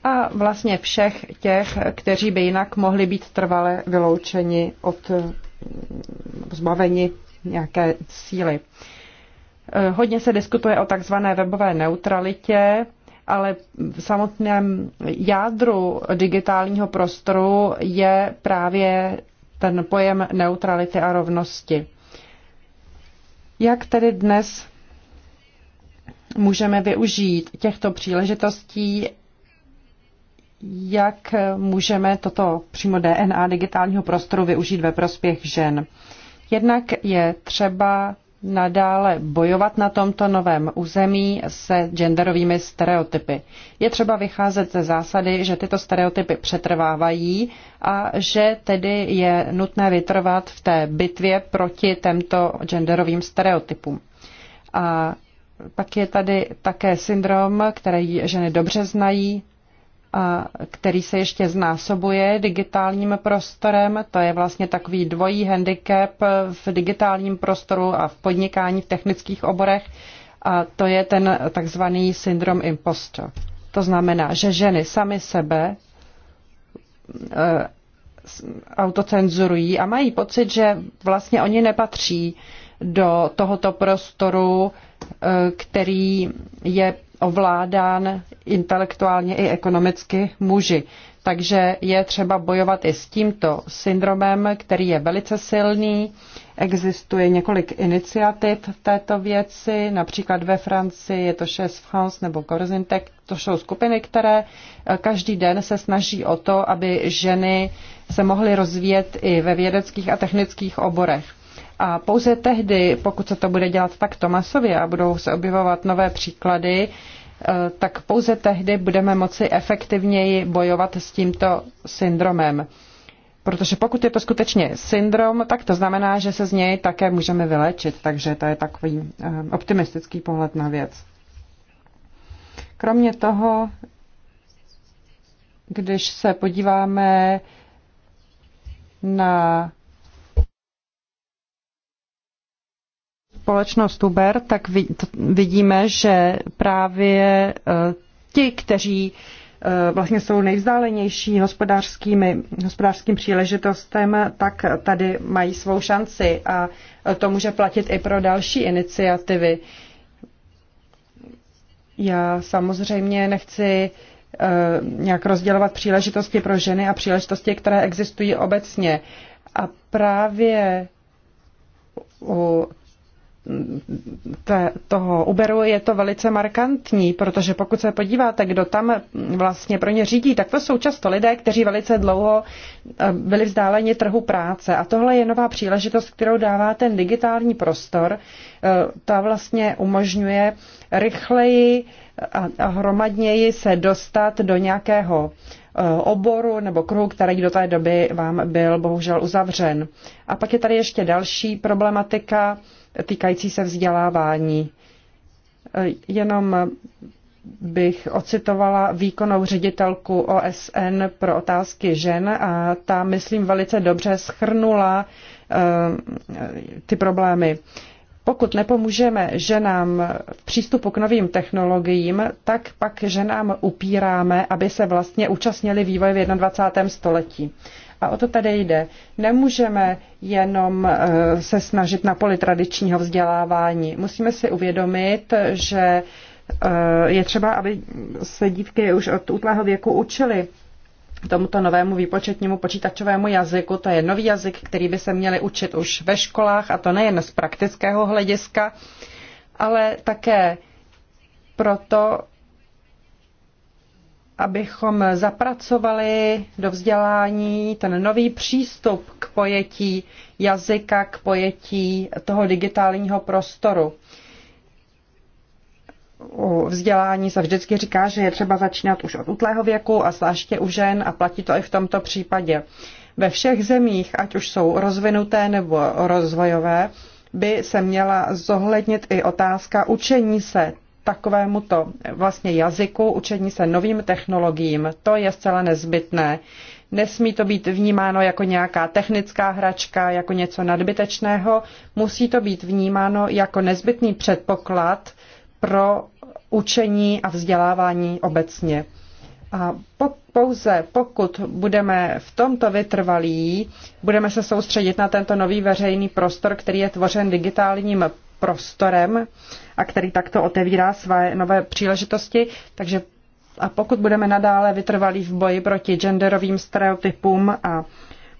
a vlastně všech těch, kteří by jinak mohli být trvale vyloučeni od mm, zbaveni nějaké síly. Eh, hodně se diskutuje o takzvané webové neutralitě, ale v samotném jádru digitálního prostoru je právě ten pojem neutrality a rovnosti. Jak tedy dnes můžeme využít těchto příležitostí, jak můžeme toto přímo DNA digitálního prostoru využít ve prospěch žen. Jednak je třeba nadále bojovat na tomto novém území se genderovými stereotypy. Je třeba vycházet ze zásady, že tyto stereotypy přetrvávají a že tedy je nutné vytrvat v té bitvě proti těmto genderovým stereotypům. A pak je tady také syndrom, který ženy dobře znají, který se ještě znásobuje digitálním prostorem. To je vlastně takový dvojí handicap v digitálním prostoru a v podnikání v technických oborech. A to je ten takzvaný syndrom impostor. To znamená, že ženy sami sebe e, autocenzurují a mají pocit, že vlastně oni nepatří do tohoto prostoru, e, který je ovládán intelektuálně i ekonomicky muži. Takže je třeba bojovat i s tímto syndromem, který je velice silný. Existuje několik iniciativ v této věci, například ve Francii je to Chess France nebo Corzintec. To jsou skupiny, které eh, každý den se snaží o to, aby ženy se mohly rozvíjet i ve vědeckých a technických oborech. A pouze tehdy, pokud se to bude dělat takto masově a budou se objevovat nové příklady, eh, tak pouze tehdy budeme moci efektivněji bojovat s tímto syndromem. Protože pokud je to skutečně syndrom, tak to znamená, že se z něj také můžeme vylečit. Takže to je takový eh, optimistický pohled na věc. Kromě toho, když se podíváme na společnost Uber, tak vidíme, že právě e, ti, kteří e, vlastně jsou nejvzdálenější hospodářskými, hospodářským příležitostem, tak tady mají svou šanci a to může platit i pro další iniciativy. Já samozřejmě nechci e, nějak rozdělovat příležitosti pro ženy a příležitosti, které existují obecně. A právě u toho Uberu je to velice markantní, protože pokud se podíváte, kdo tam vlastně pro ně řídí, tak to jsou často lidé, kteří velice dlouho eh, byli vzdáleni trhu práce. A tohle je nová příležitost, kterou dává ten digitální prostor. Eh, ta vlastně umožňuje rychleji a hromadněji se dostat do nějakého eh, oboru nebo kruhu, který do té doby vám byl bohužel uzavřen. A pak je tady ještě další problematika, týkající se vzdělávání. Jenom bych ocitovala výkonnou ředitelku OSN pro otázky žen a ta, myslím, velice dobře schrnula eh, ty problémy. Pokud nepomůžeme ženám v přístupu k novým technologiím, tak pak ženám upíráme, aby se vlastně účastnili vývoje v 21. století. A o to tady jde. Nemůžeme jenom eh, se snažit na poli tradičního vzdělávání. Musíme si uvědomit, že eh, je třeba, aby se dívky už od útlého věku učily tomuto novému výpočetnímu počítačovému jazyku. To je nový jazyk, který by se měli učit už ve školách, a to nejen z praktického hlediska, ale také proto, abychom zapracovali do vzdělání ten nový přístup k pojetí jazyka, k pojetí toho digitálního prostoru. U vzdělání se vždycky říká, že je třeba začínat už od útlého věku a zvláště u žen a platí to i v tomto případě. Ve všech zemích, ať už jsou rozvinuté nebo rozvojové, by se měla zohlednit i otázka učení se takovémuto vlastně jazyku, učení se novým technologiím. To je zcela nezbytné. Nesmí to být vnímáno jako nějaká technická hračka, jako něco nadbytečného. Musí to být vnímáno jako nezbytný předpoklad pro učení a vzdělávání obecně. A pouze pokud budeme v tomto vytrvalí, budeme se soustředit na tento nový veřejný prostor, který je tvořen digitálním prostorem a který takto otevírá své nové příležitosti. Takže a pokud budeme nadále vytrvalí v boji proti genderovým stereotypům a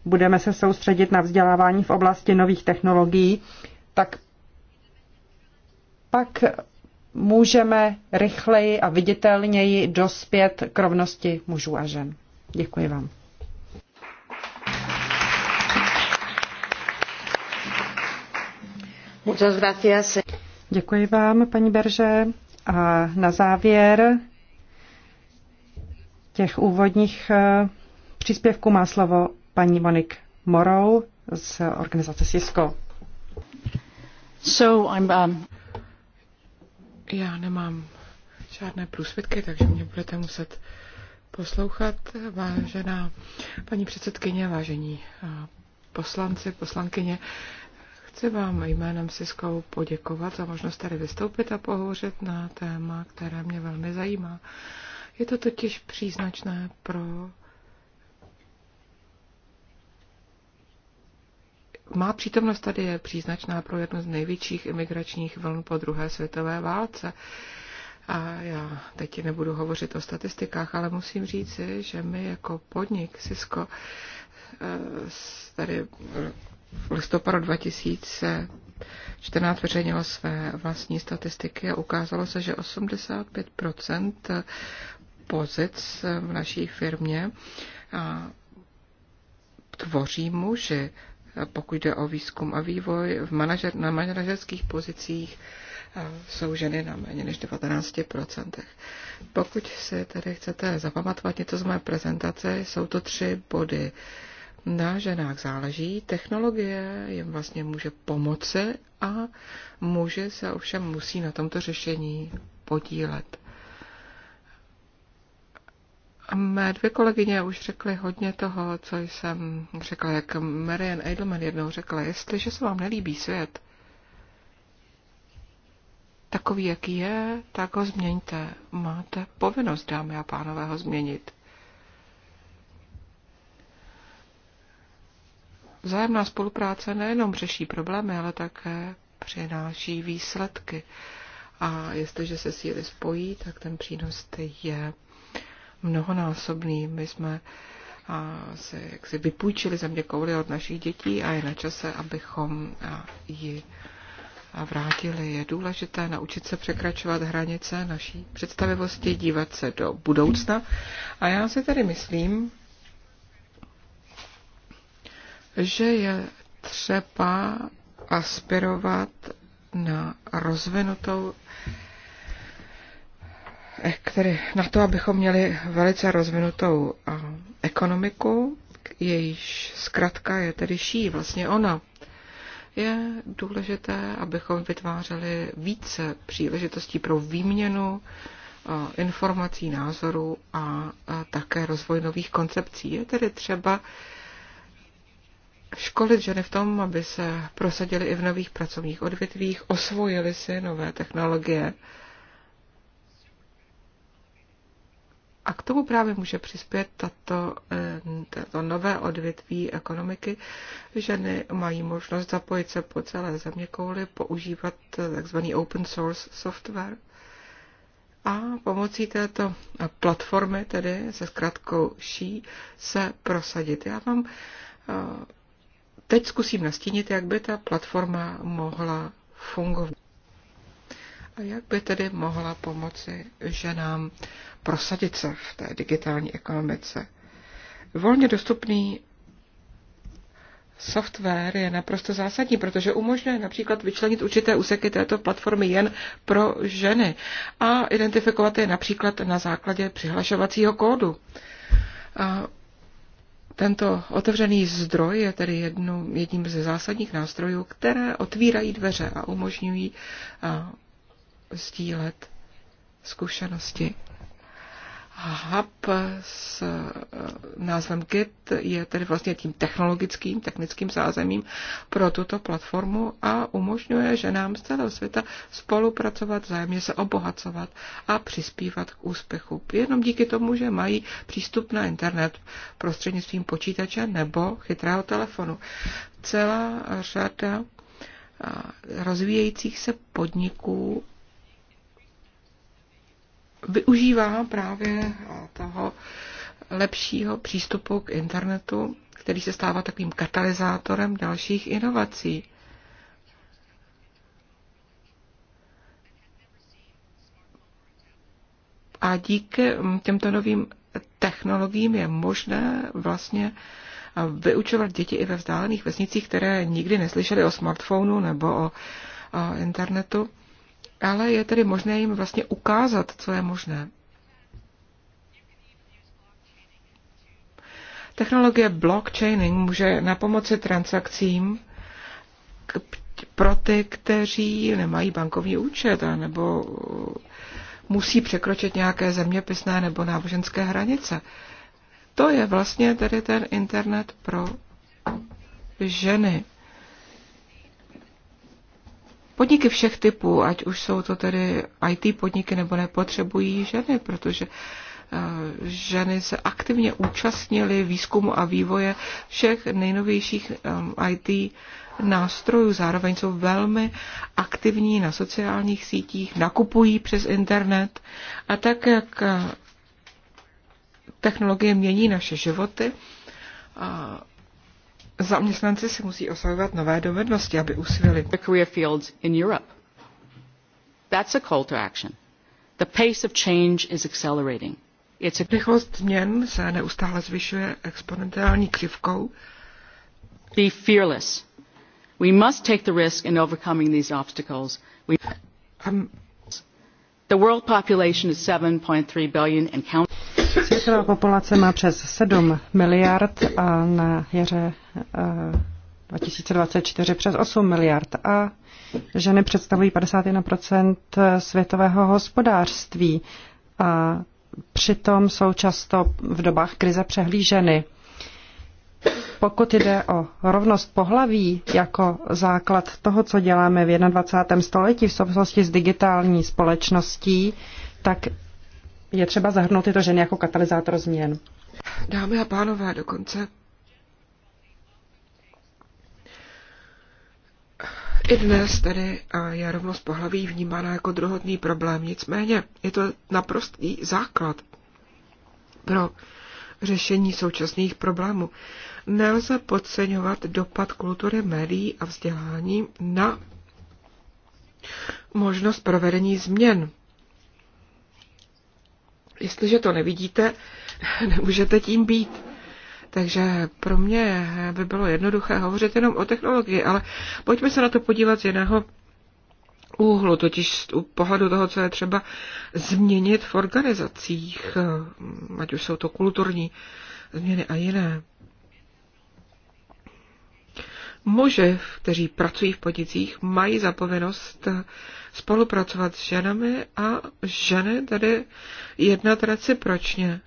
budeme se soustředit na vzdělávání v oblasti nových technologií, tak pak můžeme rychleji a viditelněji dospět k rovnosti mužů a žen. Děkuji vám. Muchas gracias. Děkuji vám, paní Berže. A na závěr těch úvodních eh, příspěvků má slovo paní Monik Morou z organizace Cisco. So I'm, um... Já nemám žádné průsvědky, takže mě budete muset poslouchat. Vážená paní předsedkyně, vážení eh, poslanci, poslankyně, Chci vám jménem Siskou poděkovat za možnost tady vystoupit a pohovořit na téma, které mě velmi zajímá. Je to totiž příznačné pro Má přítomnost tady je příznačná pro jednu z největších imigračních vln po druhé světové válce. A já teď nebudu hovořit o statistikách, ale musím říci, že my jako podnik Cisco eh, tady v listopadu 2014 veřejnilo své vlastní statistiky a ukázalo se, že 85 pozic v naší firmě tvoří muži, pokud jde o výzkum a vývoj. V manažer, na manažerských pozicích jsou ženy na méně než 19%. Pokud si tedy chcete zapamatovat něco z mé prezentace, jsou to tři body na ženách záleží. Technologie jim vlastně může pomoci a muže se ovšem musí na tomto řešení podílet. Mé dvě kolegyně už řekly hodně toho, co jsem řekla, jak Marian Edelman jednou řekla, jestliže se vám nelíbí svět, takový, jaký je, tak ho změňte. Máte povinnost, dámy a pánové, ho změnit. vzájemná spolupráce nejenom řeší problémy, ale také přináší výsledky. A jestliže se síly spojí, tak ten přínos je mnohonásobný. My jsme se jaksi vypůjčili země kouly od našich dětí a je na čase, abychom ji vrátili. Je důležité naučit se překračovat hranice naší představivosti, dívat se do budoucna. A já si tedy myslím, že je třeba aspirovat na rozvinutou eh, který, na to, abychom měli velice rozvinutou eh, ekonomiku, jejíž zkratka je tedy ší, vlastně ona. Je důležité, abychom vytvářeli více příležitostí pro výměnu eh, informací, názorů a také rozvoj nových koncepcí. Je tedy třeba školit ženy v tom, aby se prosadili i v nových pracovních odvětvích, osvojili si nové technologie. A k tomu právě může přispět tato, eh, tato nové odvětví ekonomiky. Ženy mají možnost zapojit se po celé země kouly, používat eh, tzv. open source software. A pomocí této platformy, tedy se zkrátkou ší, se prosadit. Já vám eh, Teď zkusím nastínit, jak by ta platforma mohla fungovat. A jak by tedy mohla pomoci ženám prosadit se v té digitální ekonomice? Volně dostupný software je naprosto zásadní, protože umožňuje například vyčlenit určité úseky této platformy jen pro ženy a identifikovat je například na základě přihlašovacího kódu. A tento otevřený zdroj je tedy jednou, jedním ze zásadních nástrojů, které otvírají dveře a umožňují a, sdílet zkušenosti hub s eh, názvem Git je tedy vlastně tím technologickým, technickým zázemím pro tuto platformu a umožňuje nám z celého světa spolupracovat, zájemně se obohacovat a přispívat k úspěchu. Jenom díky tomu, že mají přístup na internet prostřednictvím počítače nebo chytrého telefonu. Celá řada eh, rozvíjejících se podniků využívá právě eh, toho lepšího přístupu k internetu, který se stává takovým katalyzátorem dalších inovací. A díky mm, těmto novým technologiím je možné vlastně eh, vyučovat děti i ve vzdálených vesnicích, které nikdy neslyšely o smartphonu nebo o, o internetu ale je tedy možné jim vlastně ukázat, co je možné. Technologie blockchaining může na pomoci transakcím k, pro ty, kteří nemají bankovní účet a nebo musí překročit nějaké zeměpisné nebo náboženské hranice. To je vlastně tedy ten internet pro ženy. Podniky všech typů, ať už jsou to tedy IT podniky nebo nepotřebují ženy, protože eh, ženy se aktivně účastnily výzkumu a vývoje všech nejnovějších eh, IT nástrojů. Zároveň jsou velmi aktivní na sociálních sítích, nakupují přes internet a tak, jak eh, technologie mění naše životy, Zaměstnanci si musí osvojovat nové dovednosti, aby usvěli. The career fields in Europe. That's a call to action. The pace of change is accelerating. It's a... Rychlost změn se neustále zvyšuje exponentální křivkou. Be fearless. We must take the risk in overcoming these obstacles. We... Um... The world population is 7.3 billion and counting. Světová populace má přes 7 miliard a na jaře 2024 eh, přes 8 miliard a ženy představují 51% světového hospodářství a přitom jsou často v dobách krize přehlíženy. Pokud jde o rovnost pohlaví jako základ toho, co děláme v 21. století v souvislosti s digitální společností, tak je třeba zahrnout tyto ženy jako katalyzátor změn. Dámy a pánové, dokonce I dnes tedy je rovnost pohlaví vnímána jako druhotný problém, nicméně je to naprostý základ pro řešení současných problémů. Nelze podceňovat dopad kultury, médií a vzdělání na možnost provedení změn jestliže to nevidíte, nemůžete tím být. Takže pro mě by bylo jednoduché hovořit jenom o technologii, ale pojďme se na to podívat z jiného úhlu, totiž z pohledu toho, co je třeba změnit v organizacích, ať už jsou to kulturní změny a jiné muže, kteří pracují v podnicích, mají zapovinnost spolupracovat s ženami a ženy tedy jednat recipročně.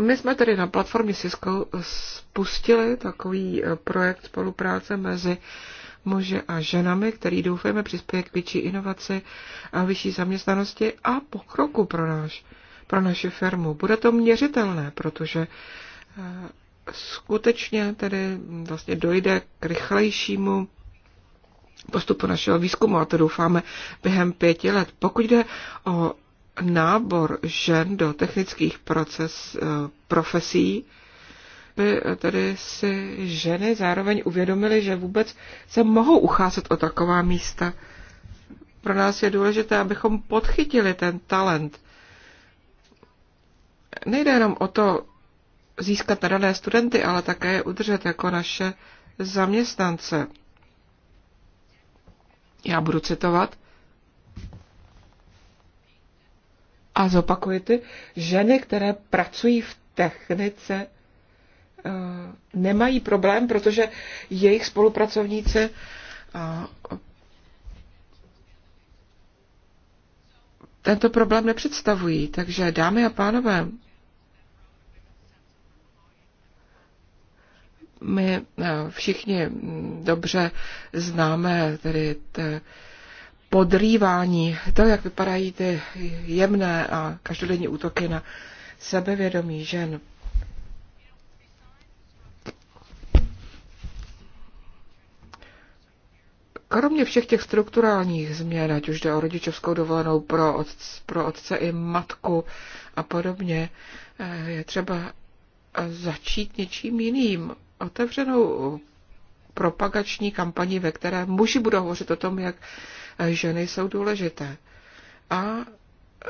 My jsme tedy na platformě Cisco spustili takový eh, projekt spolupráce mezi muže a ženami, který doufáme přispěje k větší inovaci a vyšší zaměstnanosti a pokroku pro náš pro naši firmu. Bude to měřitelné, protože eh, skutečně tedy vlastně dojde k rychlejšímu postupu našeho výzkumu, a to doufáme během pěti let. Pokud jde o nábor žen do technických proces, eh, profesí, by eh, tedy si ženy zároveň uvědomily, že vůbec se mohou ucházet o taková místa. Pro nás je důležité, abychom podchytili ten talent nejde jenom o to získat nadané studenty, ale také je udržet jako naše zaměstnance. Já budu citovat. A zopakuji ty, ženy, které pracují v technice, eh, nemají problém, protože jejich spolupracovníci eh, tento problém nepředstavují. Takže dámy a pánové, my eh, všichni mm, dobře známe tedy te podrývání, to, jak vypadají ty jemné a každodenní útoky na sebevědomí žen. Kromě všech těch strukturálních změn, ať už jde o rodičovskou dovolenou pro, otc, pro otce i matku a podobně, eh, je třeba začít něčím jiným otevřenou propagační kampani, ve které muži budou hovořit o tom, jak eh, ženy jsou důležité. A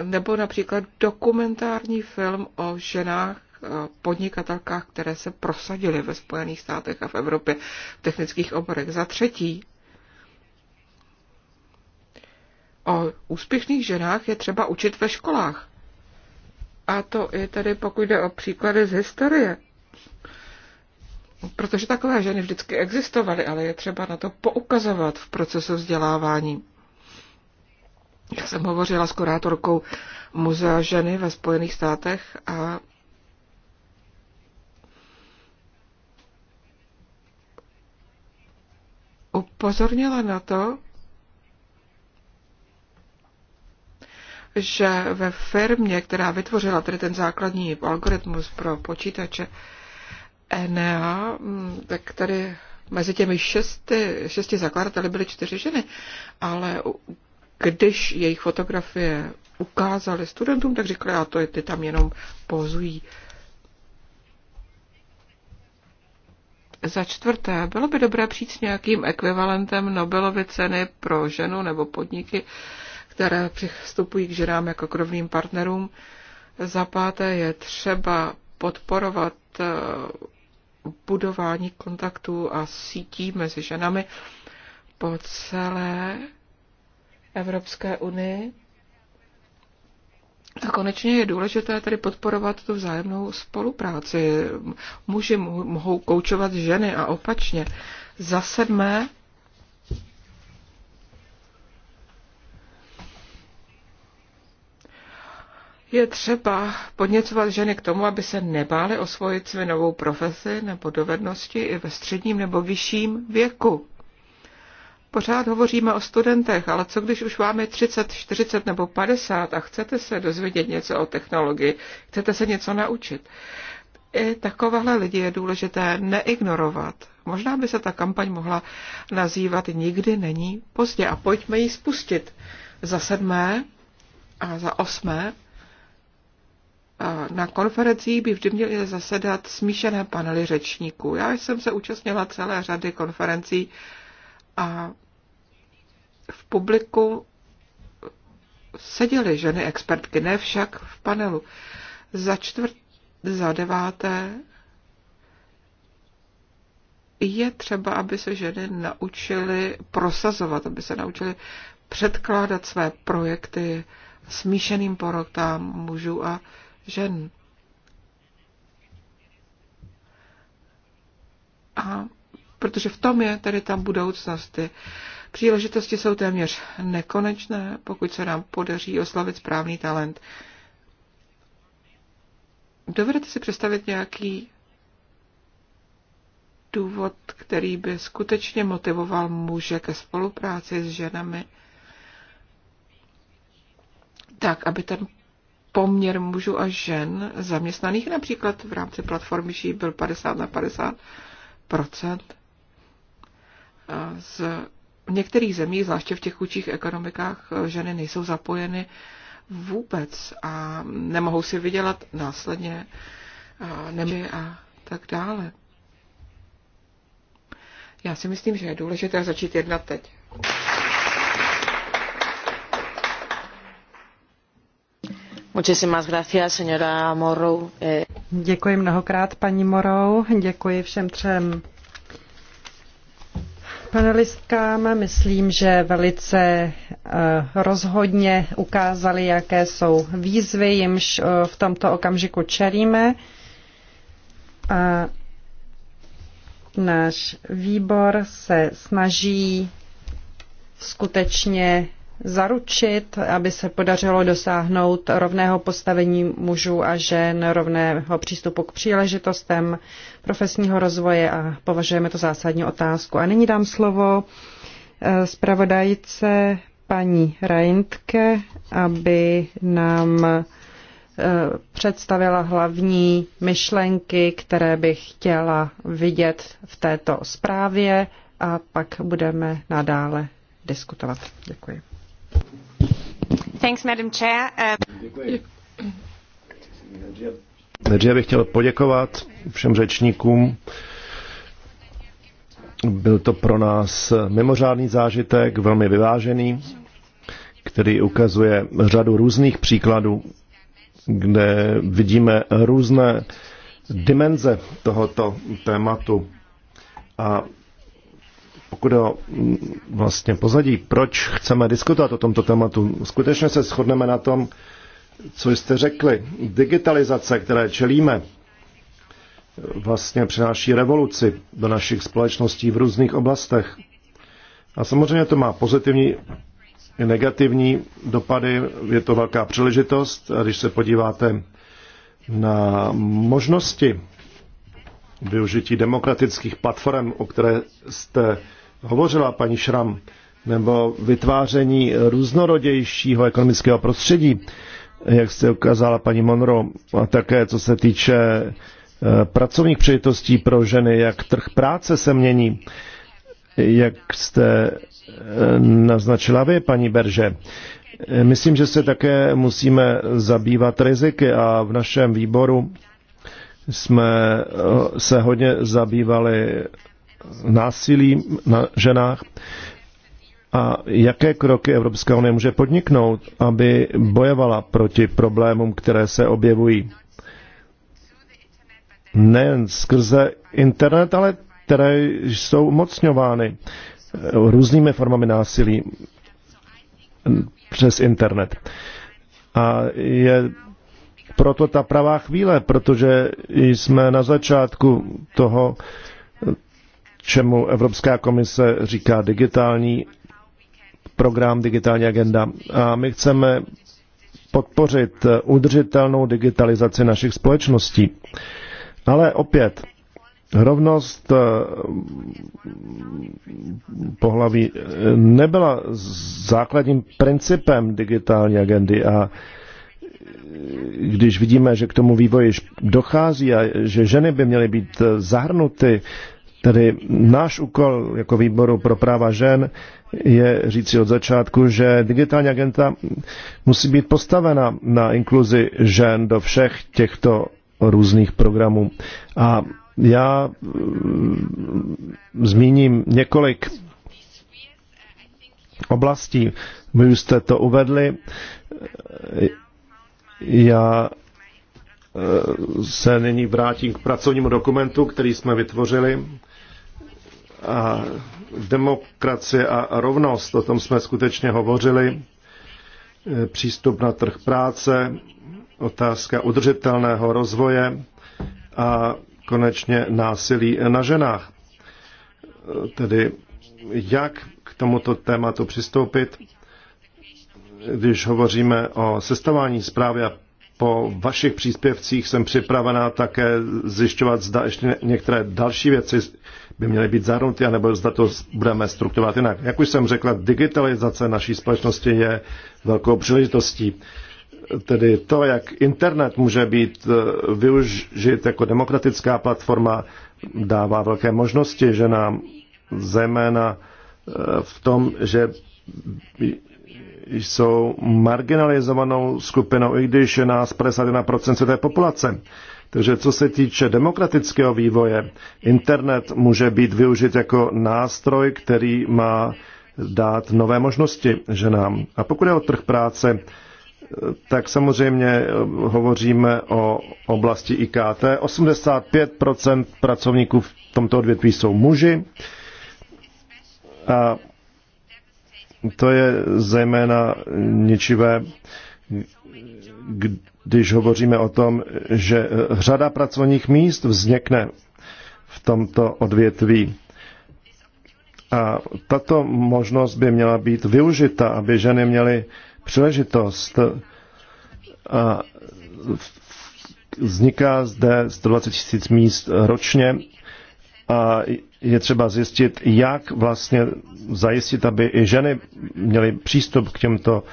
nebo například dokumentární film o ženách eh, podnikatelkách, které se prosadily ve Spojených státech a v Evropě v technických oborech. Za třetí, o úspěšných ženách je třeba učit ve školách. A to je tedy, pokud jde o příklady z historie protože takové ženy vždycky existovaly, ale je třeba na to poukazovat v procesu vzdělávání. Já jsem hovořila s kurátorkou Muzea ženy ve Spojených státech a upozornila na to, že ve firmě, která vytvořila tedy ten základní algoritmus pro počítače, Enea, mm, tak tady mezi těmi šesti, šesti zakladateli byly čtyři ženy, ale když jejich fotografie ukázali studentům, tak říkali, a to je, ty tam jenom pozují. Za čtvrté, bylo by dobré přijít s nějakým ekvivalentem Nobelovy ceny pro ženu nebo podniky, které přistupují k ženám jako k rovným partnerům. Za páté je třeba podporovat eh, budování kontaktů a sítí mezi ženami po celé Evropské unii. A konečně je důležité tedy podporovat tu vzájemnou spolupráci. Muži mohou koučovat ženy a opačně. Za sedmé, Je třeba podněcovat ženy k tomu, aby se nebály osvojit své novou profesi nebo dovednosti i ve středním nebo vyšším věku. Pořád hovoříme o studentech, ale co když už máme 30, 40 nebo 50 a chcete se dozvědět něco o technologii, chcete se něco naučit? I takovéhle lidi je důležité neignorovat. Možná by se ta kampaň mohla nazývat Nikdy není pozdě a pojďme ji spustit. Za sedmé a za osmé na konferencích by vždy měly zasedat smíšené panely řečníků. Já jsem se účastnila celé řady konferencí a v publiku seděly ženy expertky, ne však v panelu. Za čtvrt, za deváté je třeba, aby se ženy naučily prosazovat, aby se naučily předkládat své projekty smíšeným porotám mužů a žen. A protože v tom je tedy tam budoucnost. Ty příležitosti jsou téměř nekonečné, pokud se nám podaří oslavit správný talent. Dovedete si představit nějaký důvod, který by skutečně motivoval muže ke spolupráci s ženami, tak, aby ten poměr mužů a žen zaměstnaných například v rámci platformy She byl 50 na 50 procent. Z některých zemí, zvláště v těch chudších ekonomikách, ženy nejsou zapojeny vůbec a nemohou si vydělat následně nemy a tak dále. Já si myslím, že je důležité začít jednat teď. Eh, Děkuji mnohokrát, paní Morou. Děkuji všem třem panelistkám. Myslím, že velice eh, rozhodně ukázali, jaké jsou výzvy, jimž eh, v tomto okamžiku čelíme. A náš výbor se snaží skutečně zaručit, aby se podařilo dosáhnout rovného postavení mužů a žen, rovného přístupu k příležitostem profesního rozvoje a považujeme to zásadní otázku. A nyní dám slovo eh, zpravodajce paní Reintke, aby nám eh, představila hlavní myšlenky, které bych chtěla vidět v této zprávě a pak budeme nadále diskutovat. Děkuji. Thanks, Madam Chair. Uh, Děkuji. Nejdříve bych chtěl poděkovat všem řečníkům. Byl to pro nás mimořádný zážitek, velmi vyvážený, který ukazuje řadu různých příkladů, kde vidíme různé dimenze tohoto tématu. A pokud o mm, vlastně pozadí, proč chceme diskutovat o tomto tématu, skutečně se shodneme na tom, co jste řekli. Digitalizace, které čelíme, vlastně přináší revoluci do našich společností v různých oblastech. A samozřejmě to má pozitivní i negativní dopady. Je to velká příležitost, když se podíváte na možnosti využití demokratických platform, o které jste hovořila paní Šram, nebo vytváření různorodějšího ekonomického prostředí, jak jste ukázala paní Monro, a také co se týče eh, pracovních přejitostí pro ženy, jak trh práce se mění, jak jste eh, naznačila vy, paní Berže. Eh, myslím, že se také musíme zabývat riziky a v našem výboru jsme se hodně zabývali násilím na ženách a jaké kroky Evropská unie může podniknout, aby bojovala proti problémům, které se objevují nejen skrze internet, ale které jsou mocňovány různými formami násilí přes internet. A je proto ta pravá chvíle, protože jsme na začátku toho čemu Evropská komise říká digitální program, digitální agenda. A my chceme podpořit udržitelnou digitalizaci našich společností. Ale opět, rovnost eh, pohlaví eh, nebyla základním principem digitální agendy a eh, když vidíme, že k tomu vývoji dochází a že ženy by měly být zahrnuty Tedy náš úkol jako výboru pro práva žen je říci od začátku, že digitální agenta musí být postavena na inkluzi žen do všech těchto různých programů. A já mm, zmíním několik oblastí. Vy už jste to uvedli. Já e, se nyní vrátím k pracovnímu dokumentu, který jsme vytvořili a demokracie a rovnost, o tom jsme skutečně hovořili, e, přístup na trh práce, otázka udržitelného rozvoje a konečně násilí na ženách. E, tedy jak k tomuto tématu přistoupit, když hovoříme o sestavání zprávy a po vašich příspěvcích jsem připravená také zjišťovat, zda ještě některé další věci by měly být zahrnuty, anebo zda to budeme strukturovat jinak. Jak už jsem řekla, digitalizace naší společnosti je velkou příležitostí. Tedy to, jak internet může být eh, využit jako demokratická platforma, dává velké možnosti, že nám zejména eh, v tom, že jsou marginalizovanou skupinou, i když je nás 51% té populace. Takže co se týče demokratického vývoje, internet může být využit jako nástroj, který má dát nové možnosti ženám. A pokud je o trh práce, tak samozřejmě hovoříme o oblasti IKT. 85% pracovníků v tomto odvětví jsou muži. A to je zejména ničivé, když hovoříme o tom, že e, řada pracovních míst vznikne v tomto odvětví. A tato možnost by měla být využita, aby ženy měly příležitost. A vzniká zde 120 tisíc míst ročně a je třeba zjistit, jak vlastně zajistit, aby i ženy měly přístup k těmto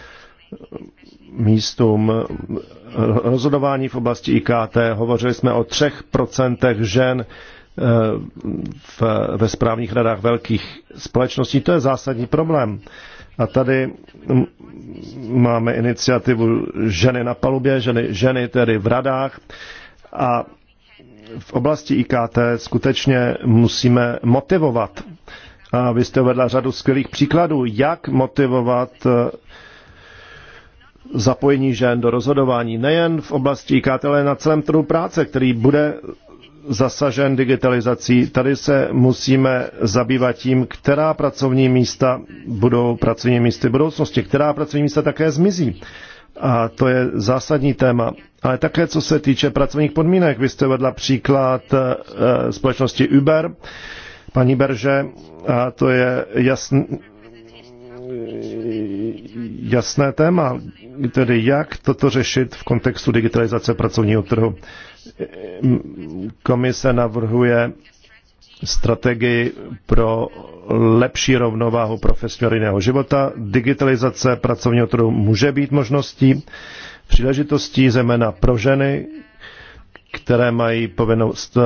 místům rozhodování v oblasti IKT. Hovořili jsme o třech procentech žen eh, v, ve správních radách velkých společností. To je zásadní problém. A tady máme iniciativu ženy na palubě, ženy, ženy tedy v radách a v oblasti IKT skutečně musíme motivovat. A vy jste uvedla řadu skvělých příkladů, jak motivovat eh, zapojení žen do rozhodování nejen v oblasti IKT, ale na celém trhu práce, který bude zasažen digitalizací. Tady se musíme zabývat tím, která pracovní místa budou pracovní místy budoucnosti, která pracovní místa také zmizí. A to je zásadní téma. Ale také co se týče pracovních podmínek, vy jste vedla příklad eh, společnosti Uber, paní Berže, a to je jasný, jasné téma tedy jak toto řešit v kontextu digitalizace pracovního trhu. Komise navrhuje strategii pro lepší rovnováhu profesního života. Digitalizace pracovního trhu může být možností, příležitostí zejména pro ženy, které mají povinnost eh,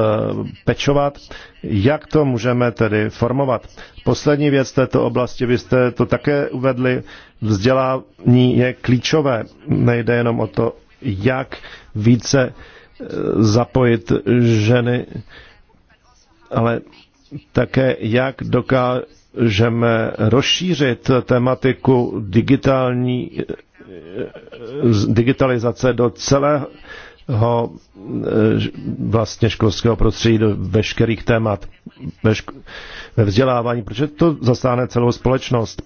pečovat. Jak to můžeme tedy formovat? Poslední věc této oblasti, vy jste to také uvedli, vzdělání je klíčové. Nejde jenom o to, jak více eh, zapojit ženy, ale také jak dokážeme rozšířit tematiku digitální eh, digitalizace do celého ho e, vlastně školského prostředí do veškerých témat ve, ško- ve vzdělávání, protože to zasáhne celou společnost.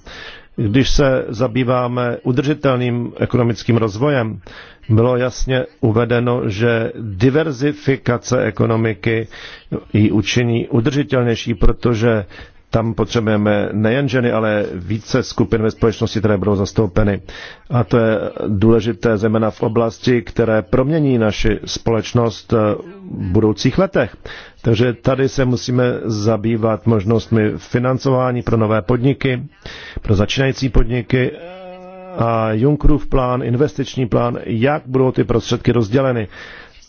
Když se zabýváme udržitelným ekonomickým rozvojem, bylo jasně uvedeno, že diverzifikace ekonomiky ji učiní udržitelnější, protože tam potřebujeme nejen ženy, ale více skupin ve společnosti, které budou zastoupeny. A to je důležité zejména v oblasti, které promění naši společnost eh, v budoucích letech. Takže tady se musíme zabývat možnostmi financování pro nové podniky, pro začínající podniky a Junckerův plán, investiční plán, jak budou ty prostředky rozděleny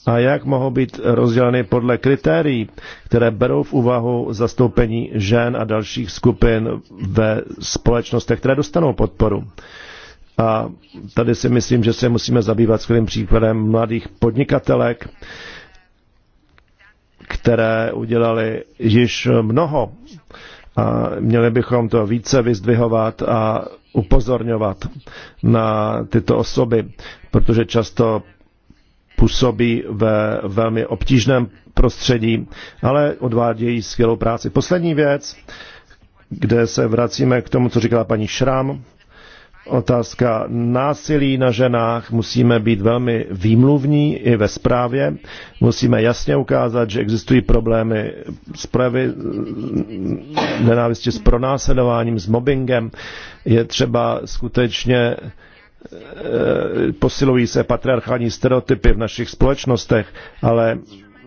a jak mohou být rozděleny podle kritérií, které berou v úvahu zastoupení žen a dalších skupin ve společnostech, které dostanou podporu. A tady si myslím, že se musíme zabývat skvělým příkladem mladých podnikatelek, které udělali již mnoho. A měli bychom to více vyzdvihovat a upozorňovat na tyto osoby, protože často působí ve velmi obtížném prostředí, ale odvádějí skvělou práci. Poslední věc, kde se vracíme k tomu, co říkala paní Šram, otázka násilí na ženách. Musíme být velmi výmluvní i ve zprávě. Musíme jasně ukázat, že existují problémy s projevy nenávisti s pronásledováním, s mobbingem. Je třeba skutečně Eh, posilují se patriarchální stereotypy v našich společnostech, ale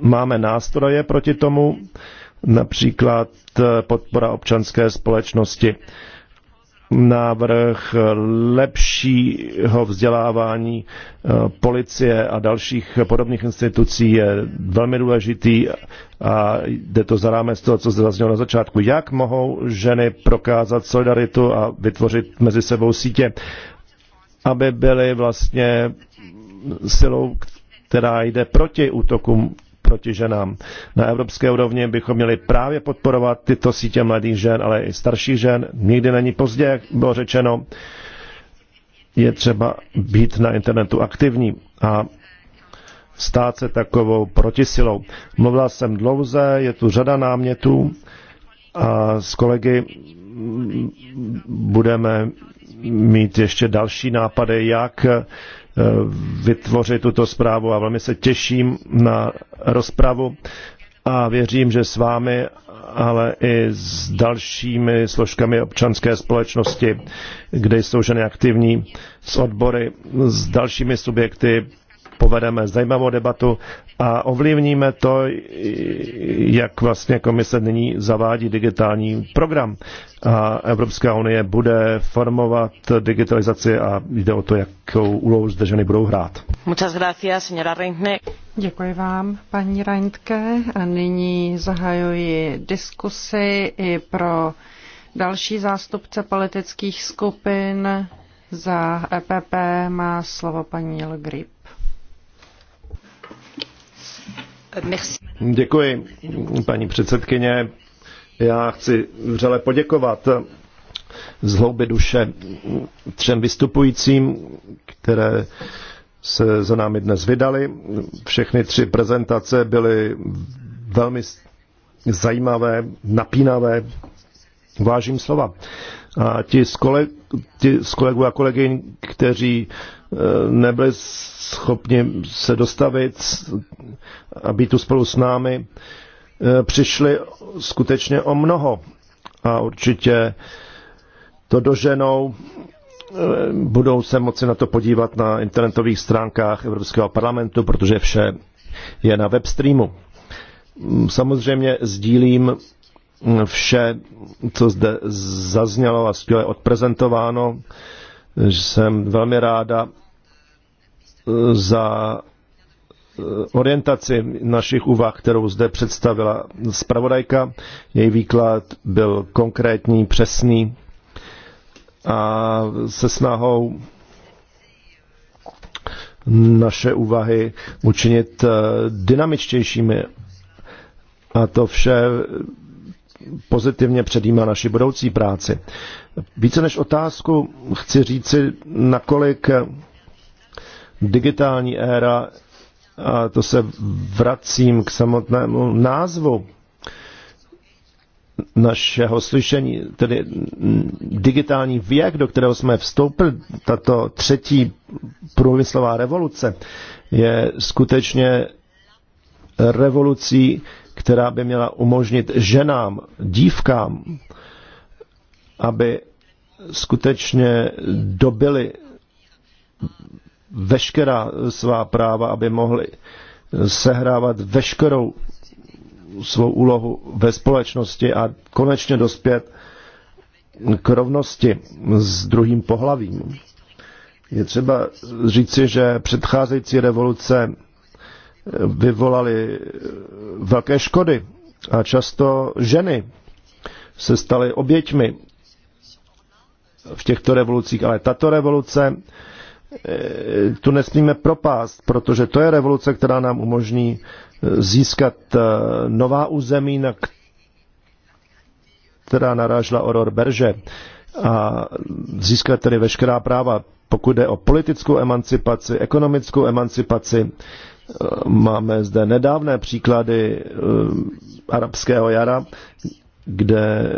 máme nástroje proti tomu, například eh, podpora občanské společnosti, návrh lepšího vzdělávání eh, policie a dalších podobných institucí je velmi důležitý a jde to za rámec toho, co zde zaznělo na začátku. Jak mohou ženy prokázat solidaritu a vytvořit mezi sebou sítě aby byly vlastně silou, která jde proti útokům proti ženám. Na evropské úrovni bychom měli právě podporovat tyto sítě mladých žen, ale i starších žen. Nikdy není pozdě, jak bylo řečeno. Je třeba být na internetu aktivní a stát se takovou protisilou. Mluvila jsem dlouze, je tu řada námětů a s kolegy budeme mít ještě další nápady, jak eh, vytvořit tuto zprávu a velmi se těším na rozpravu a věřím, že s vámi, ale i s dalšími složkami občanské společnosti, kde jsou ženy aktivní, s odbory, s dalšími subjekty povedeme zajímavou debatu a ovlivníme to, jak vlastně komise nyní zavádí digitální program. A Evropská unie bude formovat digitalizaci a jde o to, jakou úlohu zde ženy budou hrát. Muchas gracias, señora Reintne. Děkuji vám, paní Reintke. A nyní zahajuji diskusy i pro další zástupce politických skupin. Za EPP má slovo paní Legrip. Děkuji, paní předsedkyně. Já chci vřele poděkovat z hlouby duše třem vystupujícím, které se za námi dnes vydali. Všechny tři prezentace byly velmi zajímavé, napínavé, vážím slova. A ti z, koleg, ti z kolegů a kolegyň, kteří eh, nebyli schopni se dostavit a být tu spolu s námi, e, přišli skutečně o mnoho. A určitě to doženou, e, budou se moci na to podívat na internetových stránkách Evropského parlamentu, protože vše je na webstreamu. Mm, samozřejmě sdílím mm, vše, co zde zaznělo a skvěle odprezentováno. Jsem velmi ráda, za eh, orientaci našich úvah, kterou zde představila zpravodajka. Její výklad byl konkrétní, přesný a se snahou naše úvahy učinit eh, dynamičtějšími. A to vše pozitivně předjímá naši budoucí práci. Více než otázku chci říci, nakolik digitální éra, a to se vracím k samotnému názvu našeho slyšení, tedy digitální věk, do kterého jsme vstoupili, tato třetí průmyslová revoluce, je skutečně revolucí, která by měla umožnit ženám, dívkám, aby skutečně dobily veškerá svá práva, aby mohli sehrávat veškerou svou úlohu ve společnosti a konečně dospět k rovnosti s druhým pohlavím. Je třeba říci, že předcházející revoluce vyvolaly velké škody a často ženy se staly oběťmi v těchto revolucích, ale tato revoluce Eh, tu nesmíme propást, protože to je revoluce, která nám umožní eh, získat eh, nová území, na která narážela Oror Berže a získat tedy veškerá práva, pokud jde o politickou emancipaci, ekonomickou emancipaci. Máme zde nedávné příklady arabského jara, kde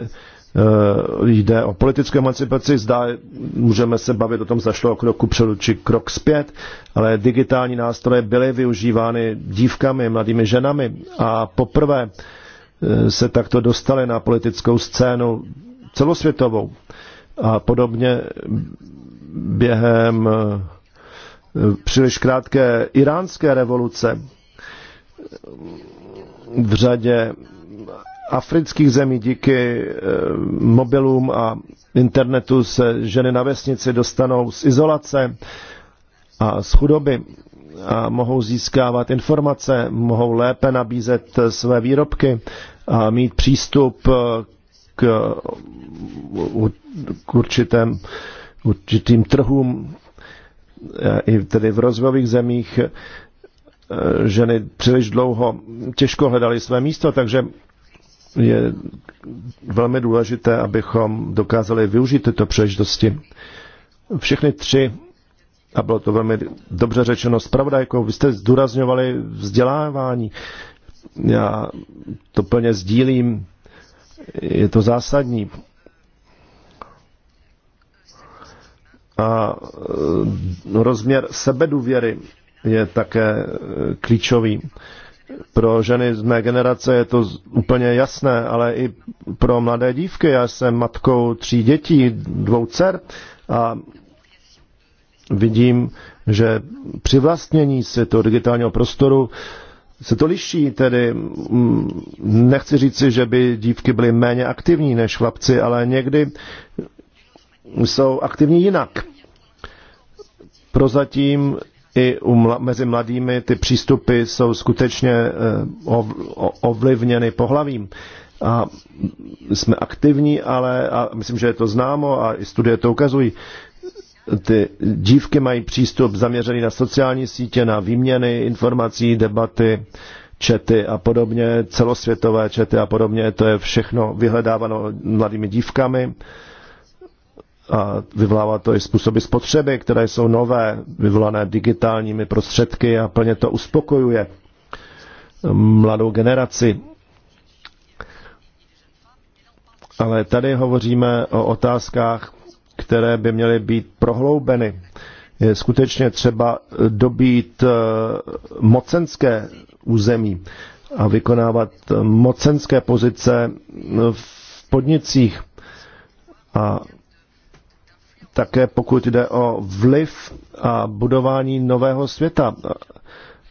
Eh, jde o politickou emancipaci, zdá, můžeme se bavit o tom, zašlo o kroku předu či krok zpět, ale digitální nástroje byly využívány dívkami, mladými ženami a poprvé eh, se takto dostali na politickou scénu celosvětovou. A podobně během eh, příliš krátké iránské revoluce v řadě afrických zemí díky eh, mobilům a internetu se ženy na vesnici dostanou z izolace a z chudoby a mohou získávat informace, mohou lépe nabízet eh, své výrobky a mít přístup eh, k, k určitém, určitým trhům i tedy v rozvojových zemích ženy příliš dlouho těžko hledaly své místo, takže je velmi důležité, abychom dokázali využít tyto příležitosti. Všechny tři, a bylo to velmi dobře řečeno zpravodajkou, vy jste zdůrazňovali vzdělávání. Já to plně sdílím, je to zásadní. A e, rozměr sebedůvěry je také e, klíčový. Pro ženy z mé generace je to úplně jasné, ale i pro mladé dívky. Já jsem matkou tří dětí, dvou dcer a vidím, že při vlastnění si toho digitálního prostoru se to liší, tedy mm, nechci říci, že by dívky byly méně aktivní než chlapci, ale někdy jsou aktivní jinak. Prozatím i u mla, mezi mladými ty přístupy jsou skutečně eh, ov, ovlivněny pohlavím. A jsme aktivní, ale a myslím, že je to známo a i studie to ukazují. Ty dívky mají přístup zaměřený na sociální sítě, na výměny informací, debaty, čety a podobně, celosvětové čety a podobně, to je všechno vyhledáváno mladými dívkami a vyvolává to i způsoby spotřeby, které jsou nové, vyvolané digitálními prostředky a plně to uspokojuje mladou generaci. Ale tady hovoříme o otázkách, které by měly být prohloubeny. Je skutečně třeba dobít eh, mocenské území a vykonávat mocenské pozice v podnicích a také pokud jde o vliv a budování nového světa,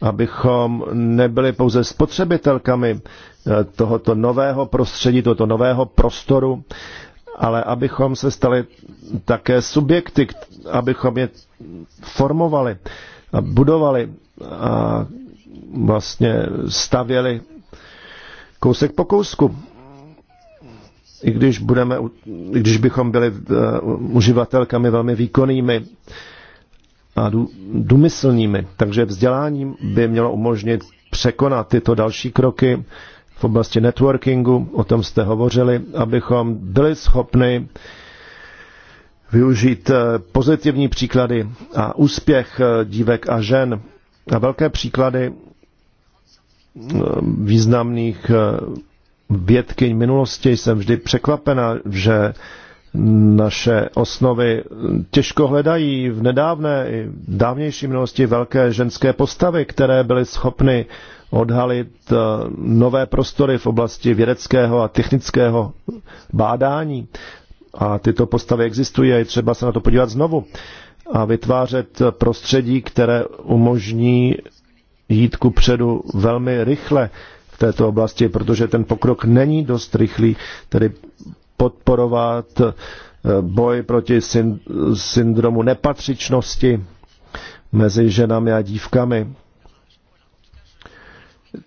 abychom nebyli pouze spotřebitelkami eh, tohoto nového prostředí, tohoto nového prostoru, ale abychom se stali také subjekty, abychom je formovali a budovali a vlastně stavěli kousek po kousku i když, budeme, i když bychom byli eh, uživatelkami velmi výkonnými a důmyslnými. Takže vzdělání by mělo umožnit překonat tyto další kroky v oblasti networkingu, o tom jste hovořili, abychom byli schopni využít eh, pozitivní příklady a úspěch eh, dívek a žen a velké příklady významných vědkyň minulosti jsem vždy překvapena, že naše osnovy těžko hledají v nedávné i dávnější minulosti velké ženské postavy, které byly schopny odhalit eh, nové prostory v oblasti vědeckého a technického bádání. A tyto postavy existují a je třeba se na to podívat znovu a vytvářet prostředí, které umožní jít ku předu velmi rychle této oblasti, protože ten pokrok není dost rychlý, tedy podporovat eh, boj proti syndromu nepatřičnosti mezi ženami a dívkami.